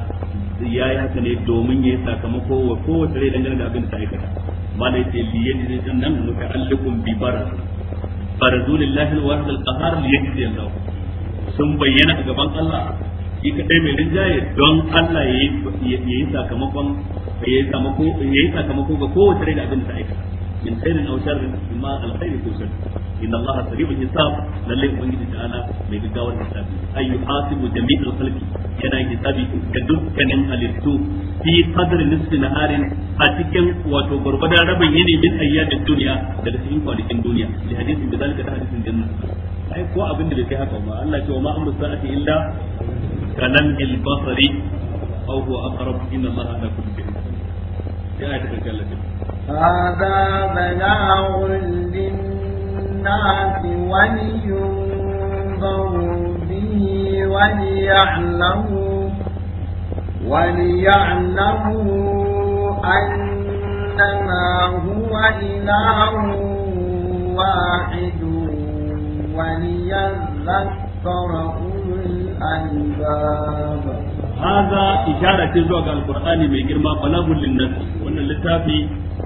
S1: ya yi haka ne domin ya yi sakamako wa kowace rai dangane da abin da ta aikata ma da yake liyajin din nan muta'alliqun bi Bara barazulillahi al-wahid al-qahar liyajin Allah sun bayyana a gaban Allah shi kadai mai rinjaye don Allah ya yi sakamakon ya yi sakamako ga kowace rai da abin da aikata min khairin aw sharrin ko halittu fi qadri nisfi naharin a cikin wato gurbadan rabin yini min ayyamin duniya daga cikin kwanakin ai ko kanan ilbasari aw huwa aqrab inna ma ana kullu bin
S2: ya ta
S1: haza ishara ce zuwa ga alqur'ani mai girma balagul linnas wannan littafi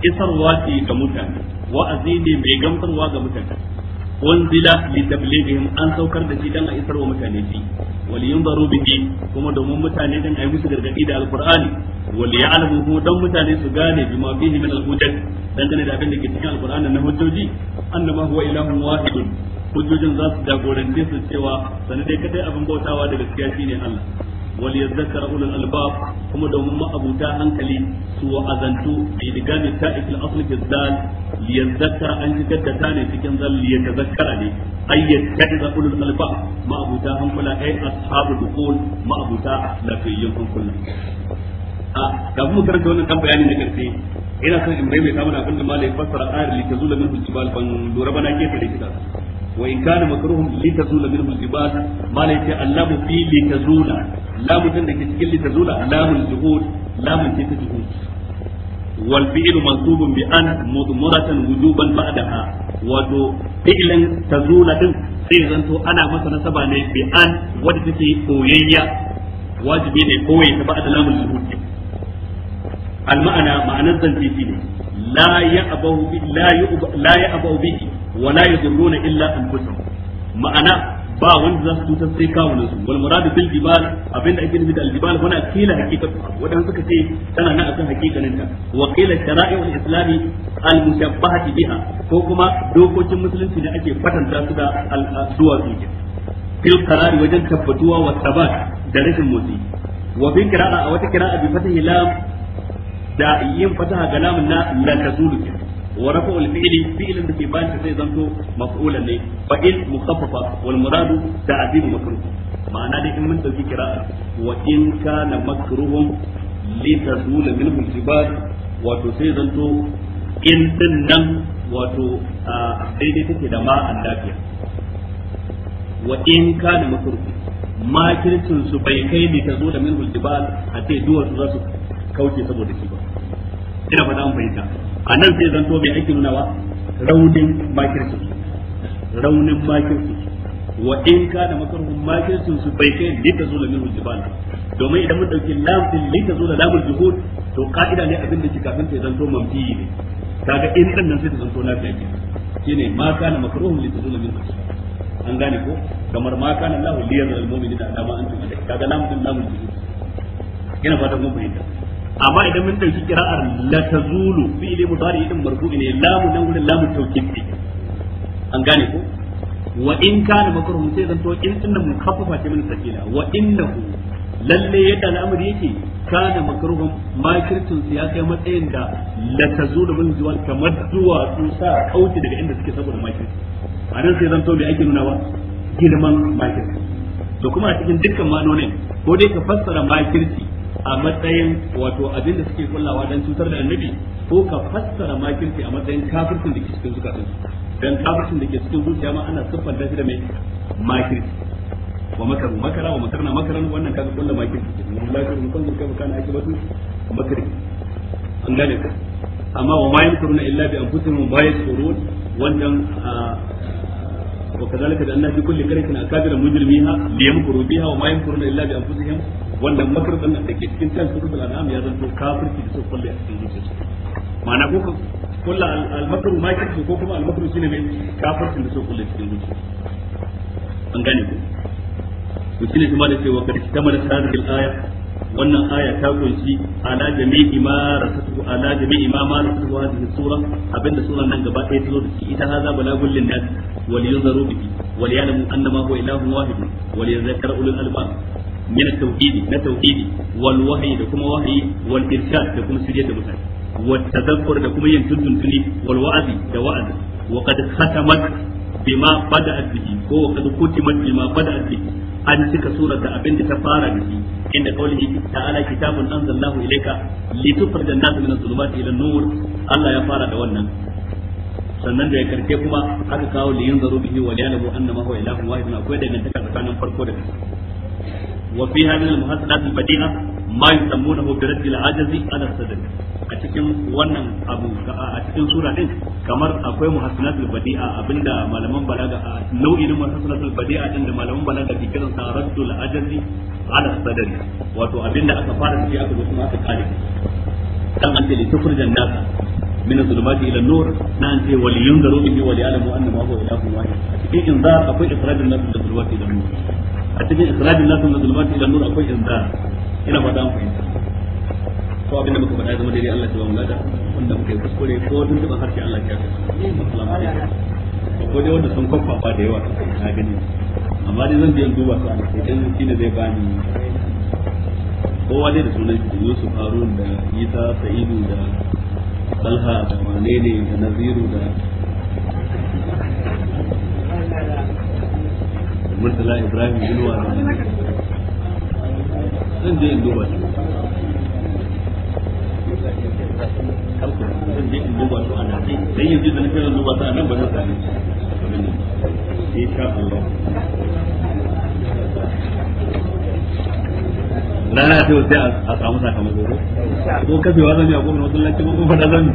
S1: isarwa ce ga mutane wa'azi ne mai gamsarwa ga mutane wanzila li tablighihim an saukar da shi dan a isarwa mutane shi wal yunzaru bihi kuma domin mutane dan ayi musu gargadi da alqur'ani wal ya'lamu hu dan mutane su gane bima fihi min al-hujjat dan da abin da ke cikin alqur'ani na hujjoji annama huwa ilahun wahidun hujjojin za su jagorance su cewa dai kadai abin bautawa da gaskiya shine Allah wal yadhakkar ulul albab kuma domin ma'abuta hankali su azantu bi digami ta'ikil asli fi zal yadhakkar an shigar da tane cikin zal yadhakkara ne ay yadhakkar ulul albab ma'abuta hankula ay ashabu dukhul ma'abuta lafiyyun hankula a kafin mu karanta wannan kan bayani na karshe ina son in bai mai samun abin da malai fassara ayar li tazula min jibal ban lura bana ke fare kita wa in kana makruhum litazula minhu al-ibad mala yace allamu fi litazula lamu din da ke cikin litazula lamun zuhud lamun ce ta zuhud wal fi'l mansubun bi an mudmuratan wujuban ba'daha wato fi'lan tazula din sai zanto ana masa nasaba ne bi an wadda take koyayya wajibi ne koyi ta lamun al ma'ana ma'anar wala yadurruna illa anfusahum ma'ana ba wanda za su cutar sai kawunan su wal muradu bil jibal abinda ake nufi da al jibal wana kila hakikatu wadanda suka ce tana nan akan hakikanin ta wa qila shara'i'ul islami al mushabbahati biha ko kuma dokokin musulunci ne ake kwatanta su da al duwatsu fil qarari wajen tabbatuwa wa tabat da rashin motsi wa bi qira'a wata qira'a bi fatahi lam da yin fataha ga lamun na la tazulu wa rafa'ul fi'li fi'lin da ke bayan ta zai zanto maf'ulan ne fa in mukhaffafa wal muradu ta'zimu makruh ma'ana dai in mun dauki kira'a wa in kana makruhum li tazula min al-jibal wato sai zanto in din nan wato daidai take da ma lafiya wa in kana makruh makircin su bai kai ne ta zo da minhul jibal a ce duwatsu za su kauce saboda shi ba ina fata an fahimta a nan sai zanto mai ake nunawa raunin makirci raunin makirci wa in da makarhum makircin su bai kai ne ta zula min jibal domin idan mun dauki lafin ne ta zula lamul juhud to ka'ida ne abin da ke kafin ta zanto mamfi ne kaga in din nan sai ta zanto na kai shine ma kana makarhum li ta zula min an gane ko kamar ma kana lahu liyan al mu'minina da ma antum kaga lamun lamun juhud yana fatan mun fahimta amma idan mun dauki kira'ar la tazulu fi'li mudari din marfu'i ne lamu nan gurin lamu tawkid ne an gane ko wa in kana makruhun sai zanto in din nan mukaffafa ce min sakila wa innahu lalle yadda al'amari yake kana makruhun makircin su ya kai matsayin da la tazulu min zuwa kamar zuwa su sa kauce daga inda suke saboda makirci a nan sai zanto me ake nuna wa girman makirci to kuma a cikin dukkan ma'anonin ko dai ka fassara makirci a matsayin wato abin da suke kullawa dan cutar da annabi ko ka fassara makirci a matsayin kafircin da ke cikin zukatun dan kafircin da ke cikin zuciya ma ana da shi da mai makirci wa makaru makara wa makarna makaran wannan kaga kullu makirci wallahi mun san kai kana batu makirci an gane ka amma wa mai kuruna illa bi anfusihim wa yasurun wannan annabi جعلنا في كل قرية liyamkuru biha wa mai kuruna illa bi anfusihim wannan makarfin da ke cikin can suratul an'am ya zanto kafirci da su kullu a cikin zuciyarsu ma'ana ko kullu al-makru ma kike ko kuma al-makru shine mai kafircin da su a cikin zuciya an gane ku to shine kuma da cewa kad tamar hadhihi al-aya wannan aya ta kunshi ala ma rasatu ala jami'i ma ma sura abinda suran nan gaba ɗaya ta zo da shi ita haza balagul linnas wal yunzaru bihi annama huwa ilahun ulul albab min tauhidi na tauhidi wal wahyi da kuma wahyi wal irshad da kuma shirye da mutane wal da kuma yin tuntuntuni wal wa'azi da wa'azi wa qad ko an cika surar da abin da ta fara da shi inda kaulihi ta'ala kitabun anzalallahu ilayka litufarja an-nas min adh-dhulumati ila nur Allah ya fara da wannan sannan da ya karfe kuma aka kawo liyan zaro bihi wa liyalabu annama huwa ilahun wahidun akwai dangantaka tsakanin farko da وفيها من المحسنات البديعة ما يسمونه برد العجز على الصدق a cikin wannan abu a cikin sura kamar akwai muhassinatul badi'a abinda malaman balaga nau'i na muhassinatul badi'a din da malaman balaga ke kiran sa raddul ajazi ala sadari wato abinda aka fara shi aka zo kuma aka من الظلمات الى النور نانتي ولينذروا به وليعلموا ان ما هو اله واحد cikin inza akwai ikrar da nasu da a cikin isra'il nasu na zulmati ila nur akwai inda ina fata an fahimta ko abinda da muka faɗa zama daidai Allah ya ba mu lada wanda muka yi kuskure ko tun tuba harshe Allah ya kai assalamu ko dai wanda sun kwakwafa da yawa na gani amma dai zan je duba su a cikin shine zai bani kowa dai da sunan shi Yusuf Harun da Isa Sa'idu da Talha da Manene da Naziru da murtala ibrahim yulwa zan je in duba su zan je in duba su a nan dan yanzu da nake zan duba su a nan ba zan Allah rana ta yau a samu sakamako ko kafewa zan yi a gwamnati wasu lantarki ko da zan yi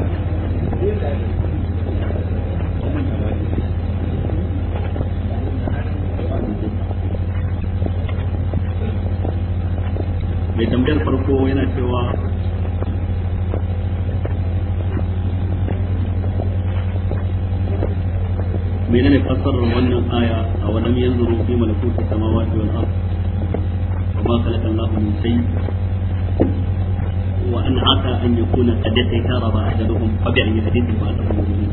S1: mai tambayar farko yana cewa ne fassarar wannan aya a walam yanzu fi malakuti samawati sama ard wa ma khalaqa Allahu min shay wa an haka an yakuna qad takaraba ajaluhum fa bi ayyi hadithin ba'dahu wani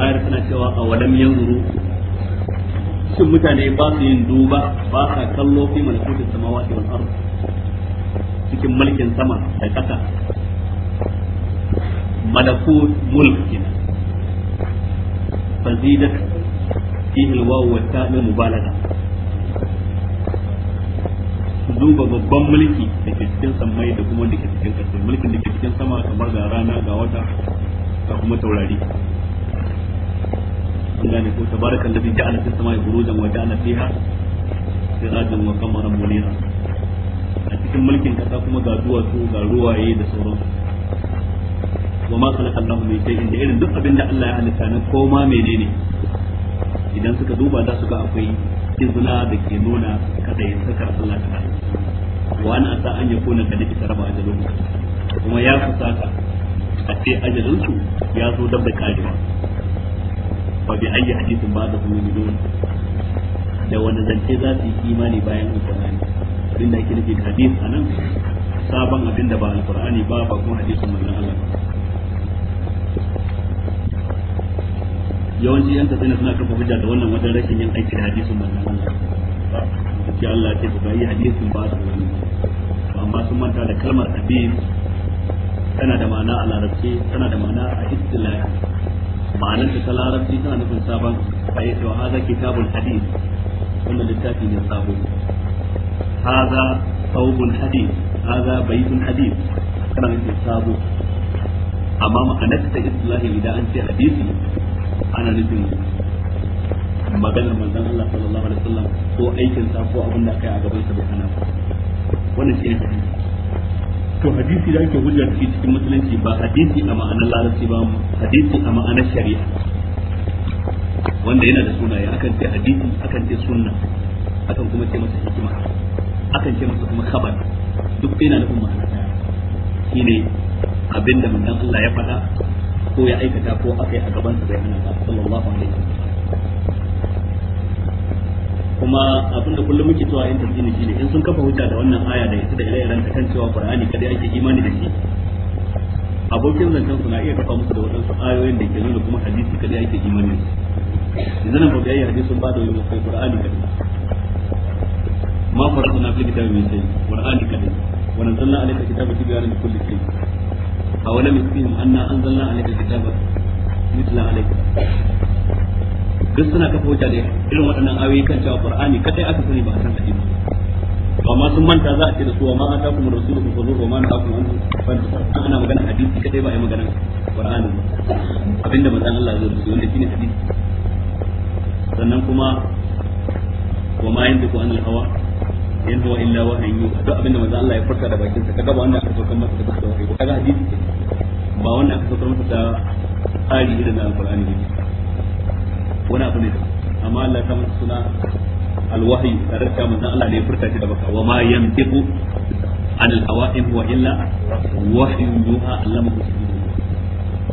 S1: ayar tana cewa a yanzu rufi shin mutane ba su yin duba ba sa kallo fi malakutin da wal ardh cikin mulkin sama da ƙasa malakut mulkin kina fazidat al waw wa min mubalaga duba babban mulki da ke cikin sammai da kuma da ke cikin ƙasa mulkin da ke cikin sama kamar da rana ga wata ga kuma taurari an gane ko tabarakal ladhi ja'ala fis wa fiha wa munira a cikin mulkin kasa kuma ga duwatsu ga ruwaye da sauransu wa ma kana Allah min shay'in da irin duk abin da Allah ya halitta na koma menene idan suka duba za su ga akwai izina da ke nuna ya sakar Allah ta wa ana asa an yakuna da nake taraba ajalun kuma ya fusata a ce ya zo dab da fa bi ayyi hadithin ba'dahu yu'minun da wanda zance za su yi imani bayan alqur'ani abin da yake nufi da hadith anan sabon abin da ba alqur'ani ba ba kuma hadithin manzon Allah yawanci yan tafiya suna kafa hujja da wannan wajen rashin yin aiki da hadithin manzon Allah sai Allah ya ce ba yi hadisin ba da wani amma sun manta da kalmar abin. tana da ma'ana a larabci tana da ma'ana a istilahi ma'anar ta larabci tana nufin sabon yi cewa haza kitabun hadith wannan littafi ne sabo haza thawbun hadith haza baytun hadith kana nufin sabo amma ma'anar ta islahi idan an ce hadisi ana nufin maganar manzon Allah sallallahu alaihi wasallam ko aikin sa ko abin da kai a gaban sa bai hana wannan shine hadisi to hadisi da ake hujjar shi cikin musulunci ba hadisi a ma'anar larabci ba hadisi a ma'anar shari'a wanda yana da sunaye akan ce hadisi akan ce sunna akan kuma ce masa hikima akan ce masa kuma khabar duk yana da umma na shine abinda manzon Allah ya faɗa ko ya aikata ko akai a gaban sa bai hana ba sallallahu alaihi wasallam kuma abinda kullum muke cewa in tarjini shine in sun kafa hujja da wannan aya da ita da ire-iren ta kan cewa Qur'ani kadai ake imani da shi abokin zancen suna iya kafa musu da waɗansu ayoyin da ke nuna kuma hadisi kadai ake imani da shi yanzu nan ba biyayya hadisin ba da wani kai Qur'ani kadai ma na fili kitabi mai sai Qur'ani kadai wa nazzalna alayka kitaba tibyanan likulli shay awalam yasbihim anna anzalna alayka kitaba mithla alayka duk suna kafa wuta da irin waɗannan ayoyi kan cewa qur'ani kadai aka sani ba a san hadisi ba amma sun manta za a ce da su wa ma aka kuma rasulu ku zo wa ma na aku an fa ana magana hadisi kadai ba ai magana qur'ani ba abinda manzon Allah ya rubuta wanda shine hadisi sannan kuma wa ma yantiku anil hawa in wa illa wa hayyu duk abinda manzo Allah ya furta da bakin sa kaga ba wanda aka saukar masa da wahayi ba kaga hadisi ba wanda aka saukar masa da tsari irin na alqur'ani ne wani abu ne amma Allah ta masa suna alwahyi tare da manzon Allah ne furta shi da baka wa ma yantiqu an alhawa in huwa illa wahyun yuha allamahu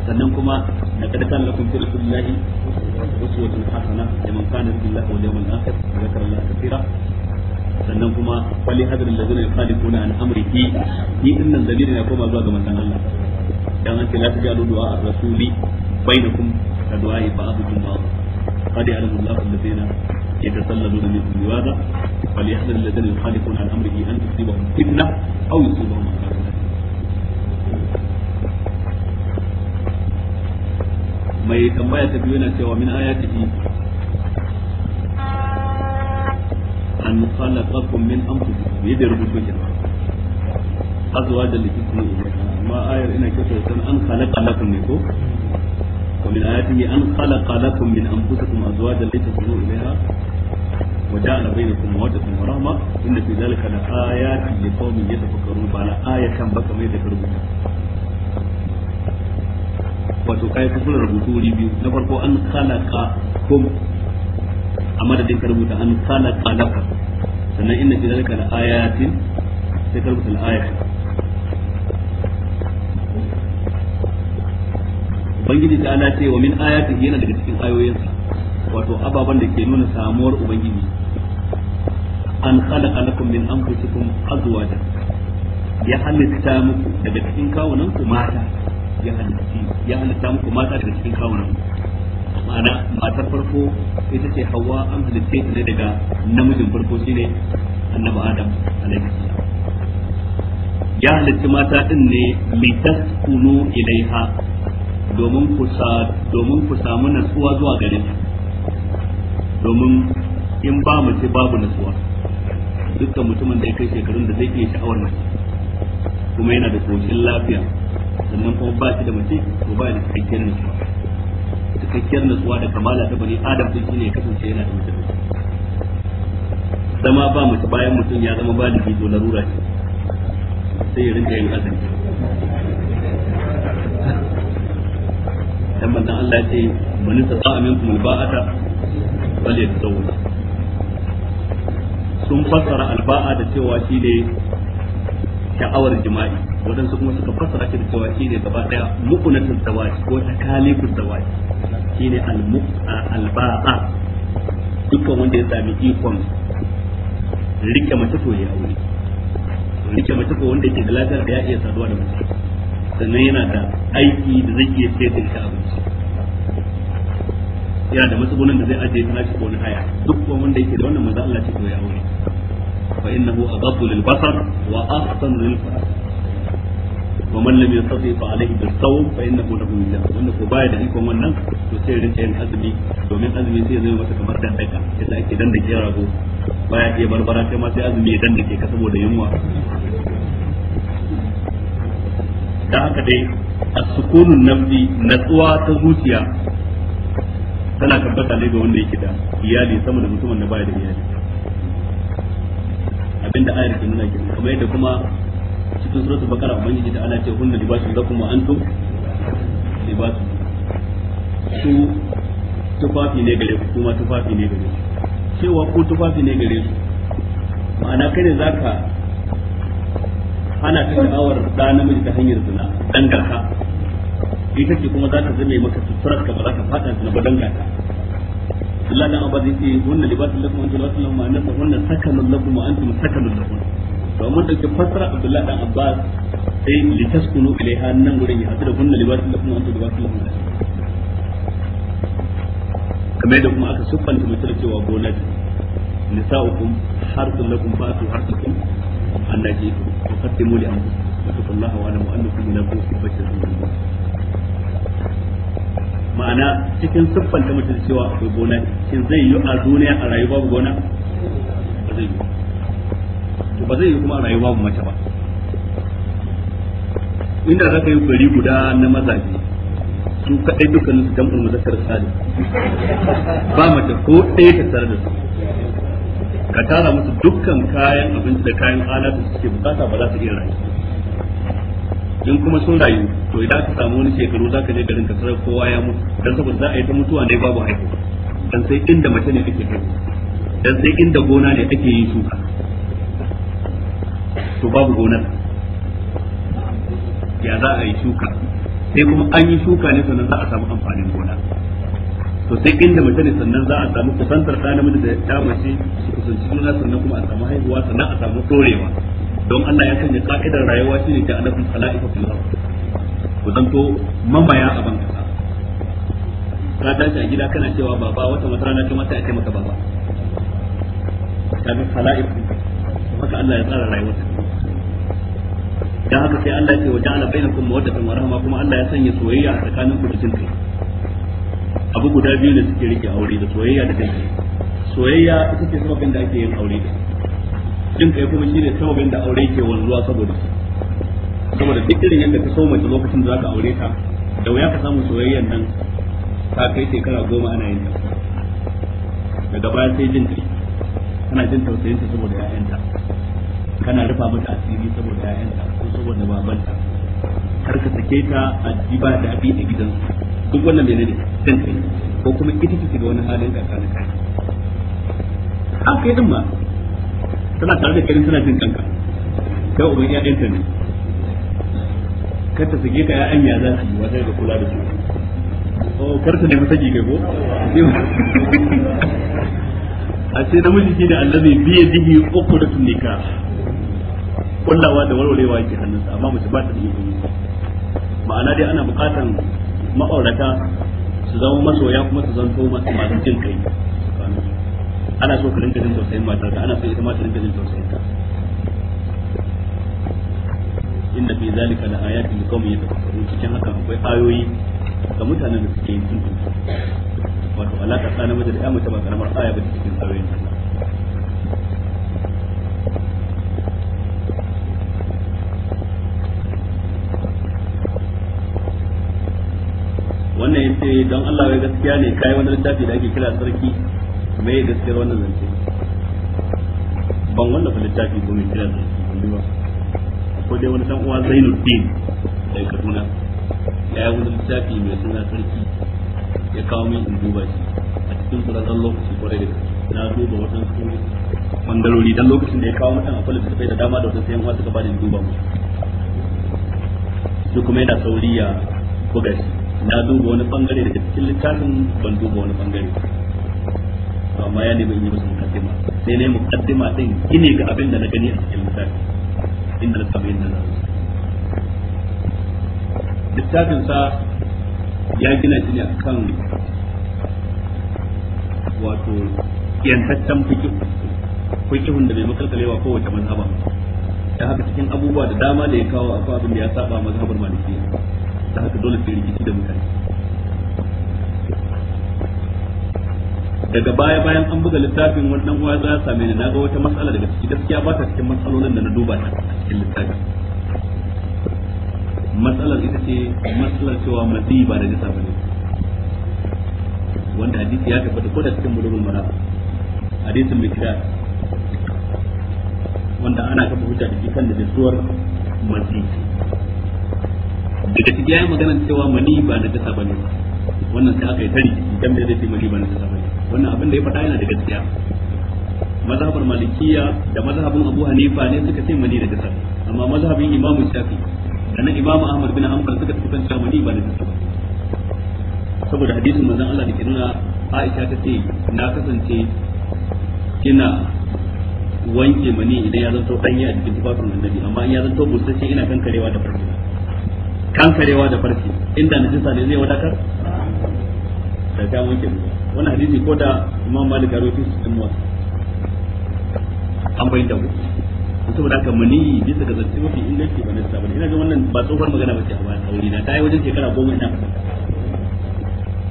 S1: sannan kuma na hasana akhir wa dhakara Allah kathira sannan kuma fali hadar an innan ya koma zuwa ga Allah dan an ce la du'a ar-rasuli bainakum ka du'a ba'dukum قد يعلم الله الذين يتسللون منكم لواذا فليحذر الذين يخالفون عن امره ان تصيبهم فتنه او يصيبهم mai tambaya ta biyu yana cewa min ayatihi an khalaqakum min anfusikum yadda rubutu ke azwajan amma ayar ina san an khalaqa lakum ne ko ومن آياته أن خلق لكم من أنفسكم أزواجا لتسكنوا إليها وجعل بينكم مودة ورحمة إن في ذلك لآيات لقوم يتفكرون على آية كم بك ما يذكرون wato kai ka kula rubutu wuri biyu na farko an khalaqa kum a madadin ka rubuta an khalaqa laka sannan inna fi zalika la ayatin sai ka rubuta la ayatin ubangiji ta ala ce wa min ayatin yana daga cikin ayoyinsa wato ababan da ke nuna samuwar ubangiji an khalaqa alakun min anfusikum azwaja ya halitta muku daga cikin kawunan ku mata ya halitta ya halitta muku mata daga cikin kawunan ku ma'ana matar farko ita ce hawa an halitta ta ne daga namijin farko shine annabi adam alaihi salam ya halitta mata din ne litaskunu ilaiha domin ku domin ku samu natsuwa zuwa gare ta domin in ba mace babu natsuwa dukkan mutumin da ya kai shekarun da zai iya sha'awar mace kuma yana da koshin lafiya sannan kuma ba shi da mace ko ba da cikakkiyar natsuwa cikakkiyar natsuwa da kamala ta bani adam din shine ya kasance yana da mutum zama ba mace bayan mutum ya zama ba da bizo larura sai ya rinka yin azumi dan manzon Allah ya ce man istata'a minkum alba'ata falyatazawwaj sun fassara alba'a da cewa shi ne sha'awar jima'i Wadansu kuma suka fassara shi da cewa shi ne gaba ɗaya mukunatul zawaji ko takaliful zawaji shi ne alba'a dukkan wanda ya sami ikon rike mace ko ya aure rike mace ko wanda yake da lafiyar da ya iya saduwa da mace sannan yana da aiki da zai iya sai da ita abinci yana da matsugunan da zai ajiye ta nashi ko wani haya duk wanda yake da wannan manzo Allah ce to ya aure fa innahu adabbu lil basar wa ahsan lil faras wa man lam yastati fa alayhi bis sawm fa innahu lahu min wanda ko baya da ikon wannan to sai rinka yin azumi domin azumi sai zai mata kamar dan daka yadda ake dan dandake rago baya ke barbara kai ma sai azumi ya dandake ka saboda yunwa da haka dai as-sukunun nafsi natsuwa ta zuciya tana tabbata ne ga wanda yake da iyali sama da mutumin da baya da iyali abinda ayar ke nuna kenan kamar yadda kuma cikin suratul bakara ubangiji da ana ce hunna basu, lakum wa antum libasun su tufafi ne gare ku kuma tufafi ne gare su cewa ku tufafi ne gare su ma'ana kai ne zaka ana ta sha'awar da namiji ta hanyar zina dan garka ita ce kuma za ta zame maka suturar ka ba za ka fada na badanga ta Allah na abadi ce wannan libasul lakum antum lakum lakum anna wannan sakanun lakum wa antum sakanun lakum to mun dauke fasara Abdullah dan Abbas sai litaskunu ilaiha nan gurin ya hadu da hunna libasul lakum antum libasul lakum kamar da kuma aka da mutum cewa gona ce nisa'ukum harsun lakum fa'atu harsukum annajitu faqaddimu li anfusikum wa taqullaha wa alamu annakum mulaqu fi bashrin ma'ana cikin ta mutum cewa akwai gona shi zai yi a duniya a rayuwa babu gona ba zai yi to ba zai yi kuma a rayuwa babu mace ba inda za ka yi gari guda na mazaje su kaɗai dukkanin su jam'ul muzakkar salim ba mace ko ɗaya ta tare da su ka tara musu dukkan kayan abinci da kayan alatu suke bukata ba za su iya rayuwa. in kuma sun rayu to idan ka samu wani shekaru za ka je garin ka sarar kowa ya mutu dan saboda za a yi ta mutuwa ne babu haihu dan sai inda mace ne ake haihu dan sai inda gona ne ake yin shuka to babu gonar ya za a yi shuka sai kuma an yi shuka ne sannan za a samu amfanin gona to sai inda mace ne sannan za a samu kusantar ɗa namiji da ya mace su kusanci juna sannan kuma a samu haihuwa sannan a samu dorewa. don Allah ya sanya ka'idar rayuwa shine da annabi sala'ifa fil ard ku zanto mamaya a ban ka tashi a gida kana cewa baba wata wata rana kuma sai a kai maka baba kaga sala'if maka Allah ya tsara rayuwar dan haka sai Allah ya ce wa ja'ala bainakum mawaddatan wa rahma kuma Allah ya sanya soyayya a tsakanin ku da jin kai abu guda biyu da suke rike aure da soyayya da jin kai soyayya ita ce sababin da ake yin aure da din kai kuma shine sababin da aure ke wanzuwa saboda saboda duk irin yadda ka so mace lokacin da zaka aure ta da wuya ka samu soyayyan nan ta kai shekara goma ana yin ta daga baya sai jin kai kana jin tausayin ta saboda ƴaƴanta kana rufa mata asiri saboda ƴaƴanta ko saboda babanta har ka sake ta a jiba da abi a gidan duk wannan menene jin kai ko kuma ita ce ga wani halin kakanin kai haka yi ma tana tare da kirin suna jin kanka kai uban ya ɗinta ne kar suke ka ƴaƴan ya za su yi wata da kula da su o karta ne nemi kai ko a ce namiji shi da annabi biye dihi uku da tunika kullawa da warwarewa yake hannunsa amma mace ba ta da ma'ana dai ana bukatan ma'aurata su zama masoya kuma su zanto masu masu jin kai ana so ka rinka jin tausayin matar ka ana so ita ma ta rinka jin tausayin ka inna fi zalika la ayatin li qaumin yatafakkarun cikin haka akwai ayoyi ga mutanen da suke yin tuntu wato Allah ta sanar mace da ya mace karamar aya ba ta cikin ayoyin wannan yace don Allah ya gaskiya ne kai wani littafi da ake kira sarki yadda gaskiyar wannan zance ban fa littafi ko mai kira zance ba ko dai wani dan uwa Zainuddin dai Kaduna ya yi wani littafi mai suna sarki ya kawo min in duba shi a cikin dan lokaci kwarai da na duba waɗansu bangarori dan lokacin da ya kawo mutum akwai littattafai da dama da wasu sayan wasu gaba da duba mu shi kuma yana sauri ya buga shi na duba wani bangare daga cikin littafin ban duba wani bangare amma ya nemi in yi masa mukaddima sai ne mukaddima din gine ga abin da na gani a cikin littafi inda na tabi inda na littafin sa ya gina shi ne akan wato yantaccen fikihu fikihun da bai makalkalewa kowace mazhaba da haka cikin abubuwa da dama da ya kawo akwai abin da ya saba mazhabar malikiya da haka dole sai rikici da mutane daga baya bayan an buga littafin wani dan uwa za same ni naga wata matsala daga ciki gaskiya ba ta cikin matsalolin da na duba ta cikin littafin matsalar ita ce matsalar cewa mazi ba da nisa bane wanda hadisi ya tabbata ko da cikin bulugul mara hadisin mai kira wanda ana kafa hujja da kan da jisuwar mazi daga cikin ya yi magana cewa mani ba na jasa bane wannan sai aka yi tari idan da zai fi mani ba na jasa bane wannan abin da ya faɗa yana da gaskiya mazhabar malikiya da mazhabin abu hanifa ne suka ce mani da jasa amma mazhabin imam shafi da na imam ahmad bin hanbal suka ce kan mani ba da jasa saboda hadisin manzon Allah da ke Aisha ta ce na kasance kina wanke mani idan ya zanto danye a jikin tufafin annabi amma in ya zanto busasshe ina kankarewa da farce kankarewa da farce inda najisa ne zai wadatar da ta wanke mani wani hadisi ko da imam malik aro fi shi cikin wasu an bayyana ku saboda haka mani bisa ga zance mafi inganci ba na sabani ina ga wannan ba tsohon magana ba ce a wani na ta yi wajen shekara goma ina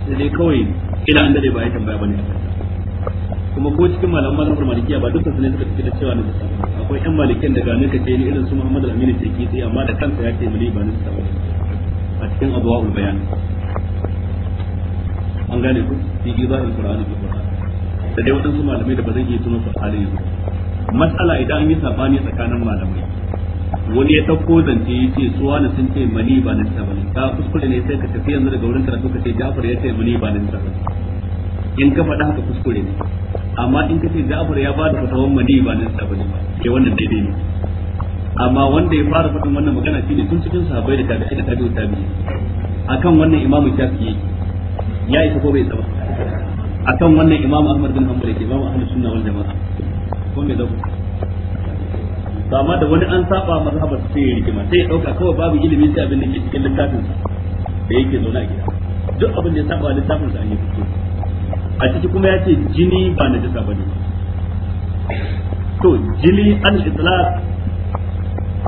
S1: sai dai kawai ila an dade ba ya tambaya bane kuma ko cikin malaman mazhabar malikiya ba dukkan su ne suka tafi da cewa na jisa akwai yan malikiyan daga ne kace ce ni irin su Muhammad al-Amin ce ki sai amma da kansa ya ce mali ba na jisa a cikin ul bayan an gane ku fi izahil qur'ani bi qur'an da dai wadansu malamai da ba zan iya tuno su halin yanzu matsala idan an yi sabani tsakanin malamai wani ya ɗauko zance ya ce suwa na sun ce mani ba nan ta bane ka kuskure ne sai ka tafi yanzu daga wurin karatu ka ce Ja'far ya ce mani ba nan ta bane in ka faɗa haka kuskure ne amma in ka ce Ja'far ya ba da fatawan mani ba nan ta bane ke wannan daidai ne amma wanda ya fara faɗin wannan magana shine tun cikin sahabbai da tabi'i da tabi'u tabi'i akan wannan imamu Shafi'i ya isa ko bai isa ba akan wannan imam ahmad bin hanbal ke imam ahmad sunna wal jama'a ko me zaku to amma da wani an saba mazhabar sai ya rikima sai ya dauka kawai babu ilimi sai abin da ke cikin littafin sa da yake zaune a gida duk abin da ya saba littafin sa an yi fito a ciki kuma ya ce jini ba na jisa ba ne to jini an isla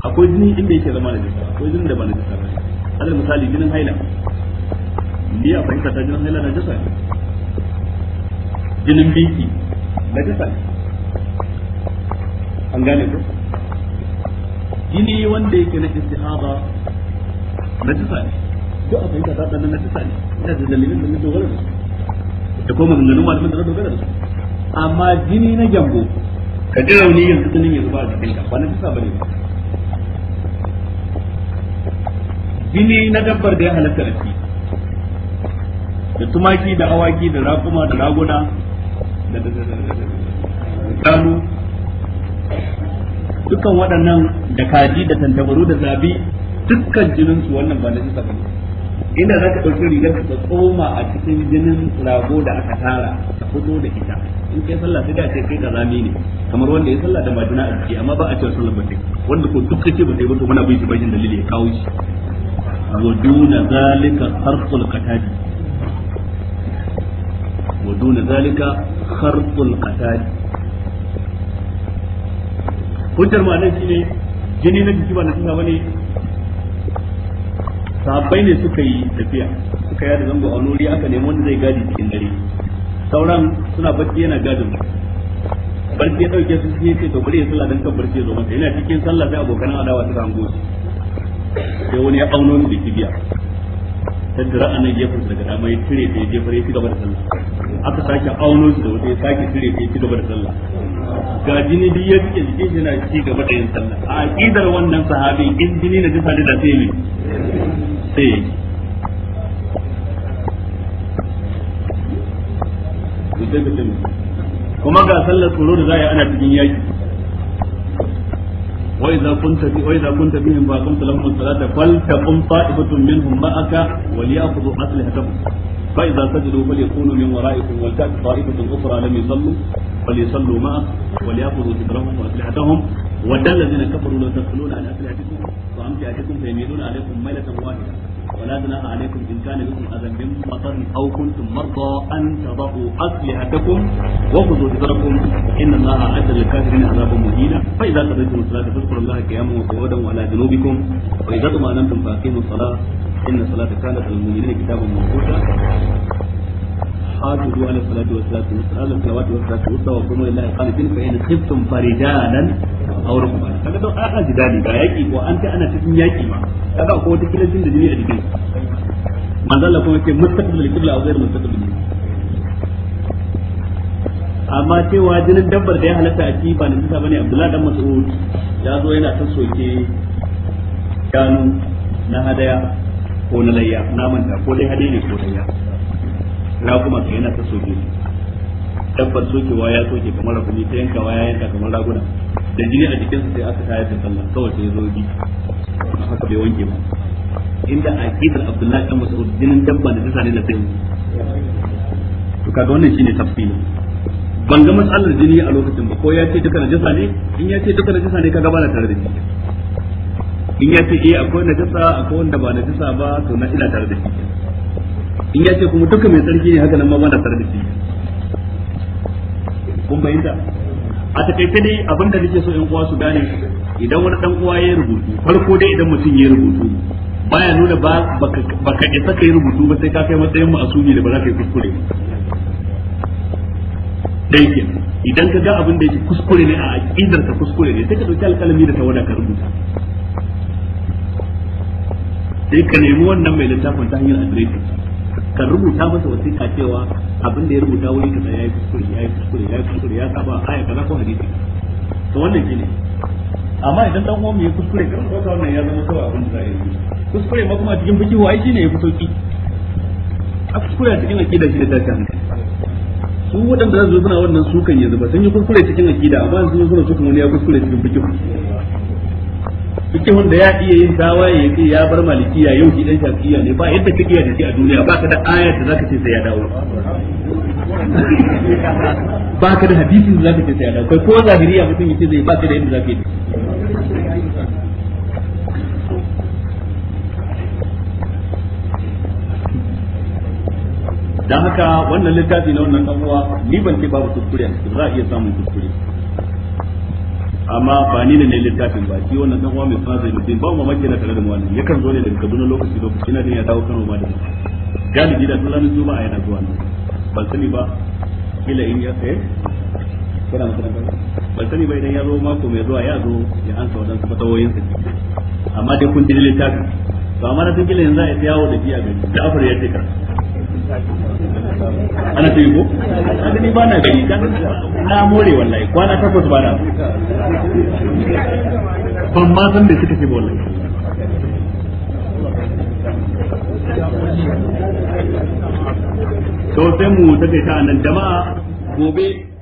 S1: akwai jini inda yake zama na jisa akwai jini da ba na jisa ba ne alal misali jinin haila ni a fahimta ta jinin haila na jasa jinin biki na jasa an gane ko jini wanda yake na istihaba na jasa ne duk a fahimta ta tsanin na jasa ne ina da dalilin da na dogara da su da kuma maganganun malamin da na dogara da su amma jini na gyambo ka ji rauni yanzu tunin yanzu ba a cikin ka ba na jasa bane ba jini na dabbar da ya halatta da shi da tumaki da awaki da raƙuma da raguna da shanu dukkan waɗannan da kaji da tantabaru da zabi dukkan jininsu wannan ba na jisa ba inda za ka ɗauki rigar ka ta tsoma a cikin jinin rago da aka tara ta fito da ita in kai sallah sai da ce kai da rami ne kamar wanda ya sallah da majina a jiki amma ba a cewa sallah ba ta wanda ko duk kace ba ta ba to muna bin shi bayin dalili ya kawo shi wa duna zalika sarful qatadi ودون ذلك خرط القتال hujjar ma nan shine jini na jiki ba na tuna bane sahabbai ne suka yi tafiya suka yada zango a wuri aka nemi wanda zai gadi cikin dare sauran suna bacci yana gadin barci ya dauke su sai ce to bari ya sallah dan kan barci ya zo mata yana cikin sallah sai abokan adawa suka hango shi sai wani ya auno ni da kibiya ta dira anan gefen daga dama ya cire ta ya jefar ya ci gaba da sallah aka sake auno shi da wata ya sake cire shi ci gaba da sallah ga jini duk ya cike jikin shi na ci gaba da yin sallah a aqidar wannan sahabi in jini na jisa da sai ne sai kuma ga sallar tsoro da za a yi ana cikin yaki وإذا كنت في وإذا كنت بهم فأقمت لهم الصلاة فلتقم طائفة منهم معك وليأخذوا أسلحتهم فإذا سجدوا فليكونوا من ورائكم ولتأت طائفة أخرى لم يصلوا فليصلوا معه وليأخذوا ذكرهم وأسلحتهم ودى الذين كفروا لو تدخلون عن أسلحتكم وأمتعتكم فيميلون عليكم ميلة واحدة ولا جناح عليكم إن كان لكم أذى من مطر أو كنتم مرضى أن تضعوا أسلحتكم وخذوا ذكركم إن الله أعد للكافرين عذابا مهينا فإذا قضيتم الصلاة فاذكروا الله قياما وقعودا وعلى جنوبكم وإذا طمأننتم فأقيموا الصلاة إن صلاة كانت حافظوا على الصلاة والصلاة والصلاة على الصلوات والصلاة والصلاة وقوموا لله قانتين فإن خفتم فرجالا أو ركبانا amma cewa jinin dabbar da ya halatta a ci ba nan bane Abdullahi dan Mas'ud ya zo yana ta soke gano na hadaya ko na layya na manta ko dai hade ne ko layya kuma ka yana ta soke dabbar sokewa ya soke kamar rakumi ta yankawa ya yanka kamar raguna da jini a jikinsa sai aka tayar da sallah kawai sai zo bi haka bai wanke ba inda a kidar abdullahi dan mas'ud jinin dabba da tsane da sai to kaga wannan shine tafsiri ban ga matsalar jini a lokacin ba ko ya ce duka najasa ne in ya ce duka najasa ne kaga ba na tare da in ya ce eh akwai najasa akwai wanda ba najasa ba to na ina tare da shi in ya ce kuma duka mai tsarki ne haka nan ma mana tare da shi kun bayyana a takaice dai abin da nake so in uwa su gane idan wani dan uwa ya rubutu farko dai idan mutum ya rubutu baya nuna ba baka isa kai rubutu ba sai ka kai matsayin mu asumi da ba za ka yi kuskure dai ke idan ka ga abin da yake kuskure ne a aqidar ka kuskure ne sai ka dauki alƙalami da tawada ka rubuta sai ka nemi wannan mai littafin ta hanyar adireshin ka rubuta masa wasiƙa cewa abin da ya rubuta wani kaza yi kuskure ya yi kuskure ya yi kuskure ya saba aya kaza ko hadisi to wannan shine amma idan dan uwan ya kuskure kan ko wannan ya zama kawai abin da za a yi kuskure ma kuma a cikin fikihu aiki ne ya fito ki a kuskure a cikin aqida shi da tashi hankali su waɗanda za su zo suna wannan sukan ya zuba sun yi kuskure cikin aqida amma yanzu suna sukan wani ya kuskure cikin fikihu duk wanda ya iya yin tawaye ya ce ya bar malikiya yau shi dan shafi'iyya ne ba yadda kake da shi a duniya ba ka da ayar da zaka ce sai ya dawo ba ka da hadisin da zaka ce sai ya dawo kai ko zahiriya mutum yace zai ba ka da yadda zaka yi dan haka wannan littafi na wannan dan uwa ni ban ce babu kuskure za a iya samun kuskure amma ba ni ne ne littafin ba shi wannan dan uwa mai suna zai mutum ba mu mamaki na tare da mu wannan yakan zo ne daga Kaduna lokaci lokaci ina jin ya dawo Kano ma da galibi da sunan juma'a yana zuwa nan ba sani ba kila in ya kana eh? kuna ba ba sani ba idan ya zo mako mai zuwa ya zo ya ansa wadansu fatawoyin sa amma dai kun ji littafin to amma na tun kila yanzu a yi yawo da biya gari da afar ya ce
S3: ana ta yi ko kaga ni ba na
S1: gani na more wallahi kwana takwas ba na
S3: ban ma san da suka ce
S1: ba wallahi to sai mu take ta nan jama'a
S3: gobe